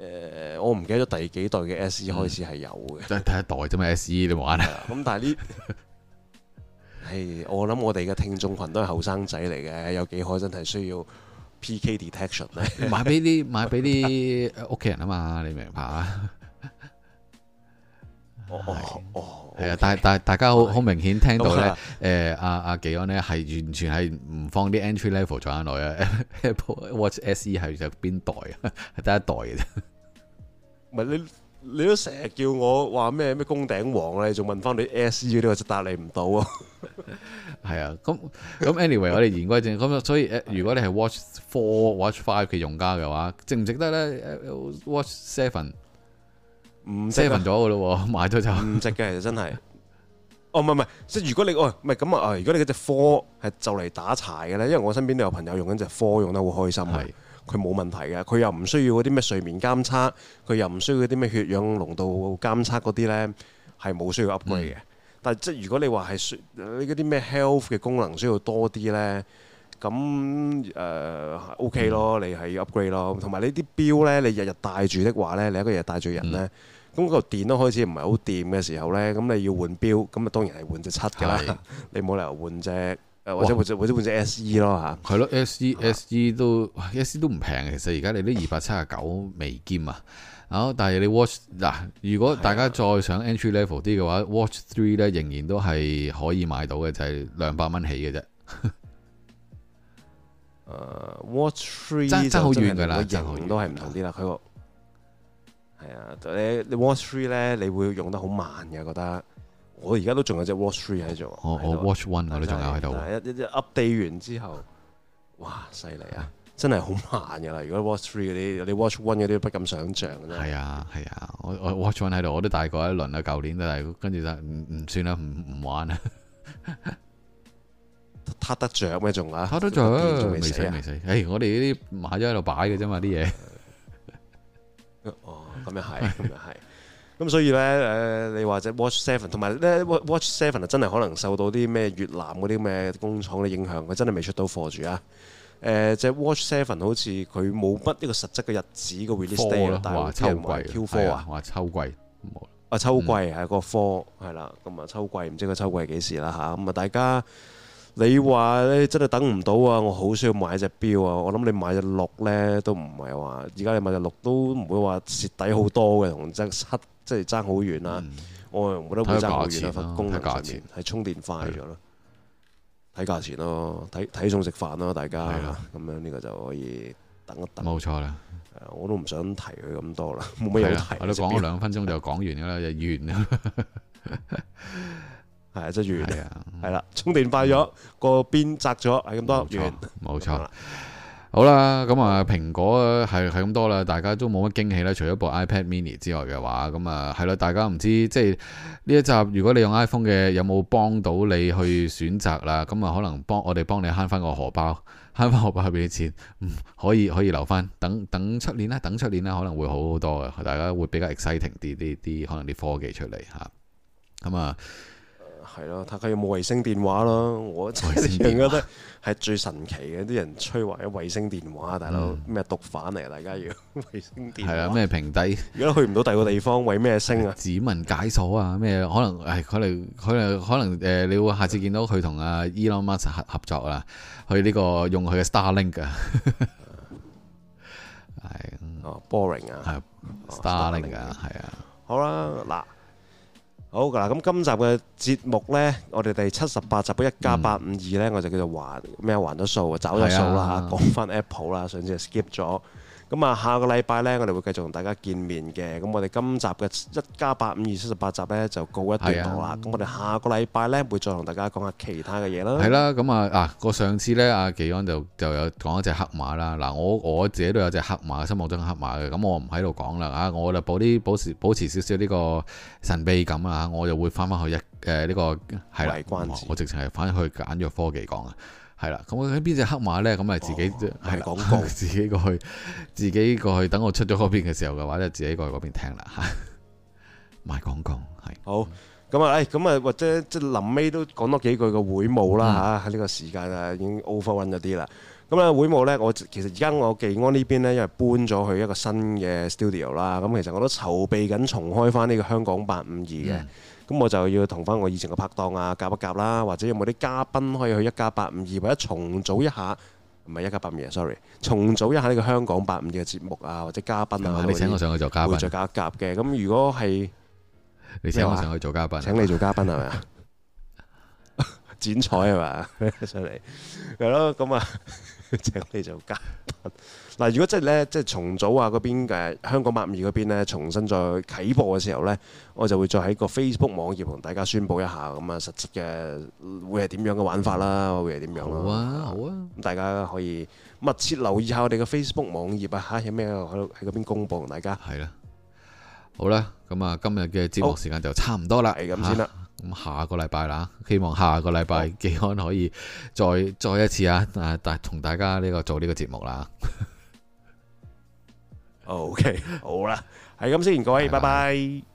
誒我唔記得第幾代嘅 SE 開始係有嘅，即係第一代啫嘛。SE 你玩啊？咁但係呢？係我諗我哋嘅聽眾群都係後生仔嚟嘅，有幾可真係需要 PK detection 咧？買俾啲買俾啲屋企人啊嘛，你明唔明白啊？哦哦哦，係啊！但係但係大家好好明顯聽到咧，誒阿阿幾安咧係完全係唔放啲 entry level 在內啊 Apple Watch SE 係入邊代啊，係第一代嘅啫。唔係你，你都成日叫我話咩咩工頂王啊！你仲問翻你 S E 呢個，我真答你唔到啊！係 啊，咁咁 anyway， 我哋言歸正咁，所以如果你係 Watch Four、Watch Five 嘅用家嘅話，值唔值得咧？Watch Seven 唔 Seven 咗嘅咯喎，買咗就唔值嘅，真係。哦，唔係唔係，即係如果你喂唔係咁啊，如果你嗰隻 Four 係就嚟、 哦哎、打柴嘅咧，因為我身邊都有朋友用緊隻 Four，用得好開心係。佢冇問題嘅，佢又唔需要嗰啲咩睡眠監測，佢又唔需要嗰啲咩血氧濃度監測嗰啲呢，係冇需要 upgrade 嘅。嗯、但係即係如果你話係需嗰啲咩 health 嘅功能需要多啲呢，咁誒、呃、OK 咯，你係要 upgrade 咯。同埋呢啲錶呢，你日日戴住的話呢，你一個日戴住人咧，咁、嗯、個電都開始唔係好掂嘅時候呢，咁你要換錶，咁啊當然係換隻七㗎啦，的你冇理由換隻。或者或者或者 S.E. 咯吓，係咯 S.E.S.E. 都 s 都唔平，其實而家你啲二百七十九美金啊，啊！但係你 Watch 嗱，如果大家再上 entry level 啲嘅話，Watch Three 咧仍然都係可以買到嘅，就係兩百蚊起嘅啫。誒，Watch Three 真係好遠噶啦，都係唔同啲啦。佢個係啊，就你你 Watch Three 咧，你會用得好慢嘅，覺得。我而家都仲有隻 Watch Three 喺度，我 Watch One 我都仲有喺度。一啲 update 完之後，哇，犀利啊！真係好慢噶啦，如果 Watch Three 嗰啲，你 Watch One 嗰啲不敢想象。係啊係啊，我我 Watch One 喺度，我都大過一輪啦，舊年都係，跟住就唔唔算啦，唔唔玩啦。撻得着咩仲啊？撻得着，仲未死未死。我哋呢啲買咗喺度擺嘅啫嘛啲嘢。哦，咁樣係，咁樣係。咁所以咧，誒你話隻 Watch Seven，同埋咧 Watch Seven 啊，真係可能受到啲咩越南嗰啲咩工廠嘅影響，佢真係未出到貨住啊！誒、呃，隻 Watch Seven 好似佢冇乜呢個實質嘅日子個 release day 了，但係話秋季，Q Four 啊？話秋季，Q Four？啊秋季係個 Four 係啦，咁啊秋季唔知個秋季係幾時啦吓，咁啊大家。你話你真係等唔到啊！我好需要買隻錶啊！我諗你買隻六咧都唔係話，而家你買隻六都唔會話蝕底好多嘅，同爭七即係爭好遠啊。嗯、我覺得會爭好遠份、啊、功能上面係充電快咗咯，睇了價錢咯、啊，睇睇餸食飯啦、啊，大家咁了樣呢個就可以等一等。冇錯啦、呃，我都唔想提佢咁多啦，冇乜嘢好提。我都講咗兩分鐘就講完㗎啦，就完啦。 係追住嚟啊！係啦，充電快咗，個邊窄咗，係咁多，完，冇錯。好啦，咁啊，蘋果係係咁多啦，大家都冇乜驚喜啦，除咗部 iPad Mini 之外嘅話，咁啊係啦，大家唔知即係呢一集，如果你用 iPhone 嘅，有冇幫到你去選擇啦？咁啊，可能幫我哋幫你慳翻個荷包，慳翻荷包入邊錢、嗯，可以可以留翻，等等出年呢，等出年呢，可能會好好多嘅，大家會比較 exciting 啲啲啲，可能啲科技出嚟吓，咁啊。啊係咯，睇佢有冇衛星電話咯。我真係覺得係最神奇嘅，啲人摧毀咗衛星電話大佬咩毒販嚟啊，大家要果衛星電話啊，咩平底而家去唔到第二個地方，為咩升啊？指紋解鎖啊，咩可能？誒，可能可能可能誒，你會下次見到佢同阿 Elon Musk 合合作啦，去呢、這個用佢嘅 Starlink 噶。係哦，Boring 啊，Starlink 啊，係、 哦、啊。好啦，嗱。好嗱，咁今集嘅節目咧，我哋第七十八集一加八五二咧，呢嗯、我就叫做還咩啊，還咗數，找咗數啦嚇，講翻 Apple 啦，上次就 skip 咗。咁啊，下個禮拜呢，我哋會繼續同大家見面嘅。咁我哋今集嘅一家八五二七十八集呢，就告一段落啦。咁的我哋下個禮拜呢，會再同大家講下其他嘅嘢啦。係啦，咁啊嗱，個上次呢，阿、啊、幾安就就有講一隻黑馬啦。嗱，我我自己都有隻黑馬，心目中黑馬嘅，咁我唔喺度講啦。啊，我就保啲保持保持少少呢個神秘感啊。我又會翻翻去一誒呢個係啦，我，我直情係翻去簡約科技講。係啦，咁我喺邊隻黑馬呢？咁咪自己係講，哦、 自己過去，自己過去，等我出咗嗰邊嘅時候嘅話咧，自己過去嗰邊聽啦。賣廣告係。好，咁啊，誒、哎，咁啊，或者即係臨尾都講多幾句個會務啦吓，喺呢的個時間啊，已經 overrun 咗啲啦。咁咧會務呢，我其實而家我技安呢邊呢，因為搬咗去一個新嘅 studio 啦，咁其實我都籌備緊重開翻呢個香講852嘅。咁我就要同翻我以前嘅拍檔啊，夾一夾啦，或者有冇啲嘉賓可以去一家八五二或者重組一下，唔係一家八五二，sorry，重組一下呢個香講八五二嘅節目啊，或者嘉賓啊，你請我上去做嘉賓，會再夾一夾嘅。咁如果係你請我上去做嘉賓，請你做嘉賓係咪啊？剪彩係咪上嚟，係咯，咁啊請你做嘉賓。嗱，如果真係咧，即係重組啊嗰邊誒，香港八五二嗰邊咧，重新再起步嘅時候咧，我就會再喺個 Facebook 網頁同大家宣佈一下咁啊，實質嘅會係點樣嘅玩法啦，會係點樣？好啊，好啊，咁大家可以密切留意下我哋嘅 Facebook 網頁啊，嚇有咩喺喺嗰邊公佈同大家。係啦，好啦，咁、嗯、啊，今日嘅節目時間就差唔多啦，係咁、哦、先啦。咁、啊、下個禮拜啦，希望下個禮拜紀安可以再、哦、再一次啊啊！同大家呢、呢個做呢個節目啦。O、okay, K，好啦，係咁先，各位，拜拜。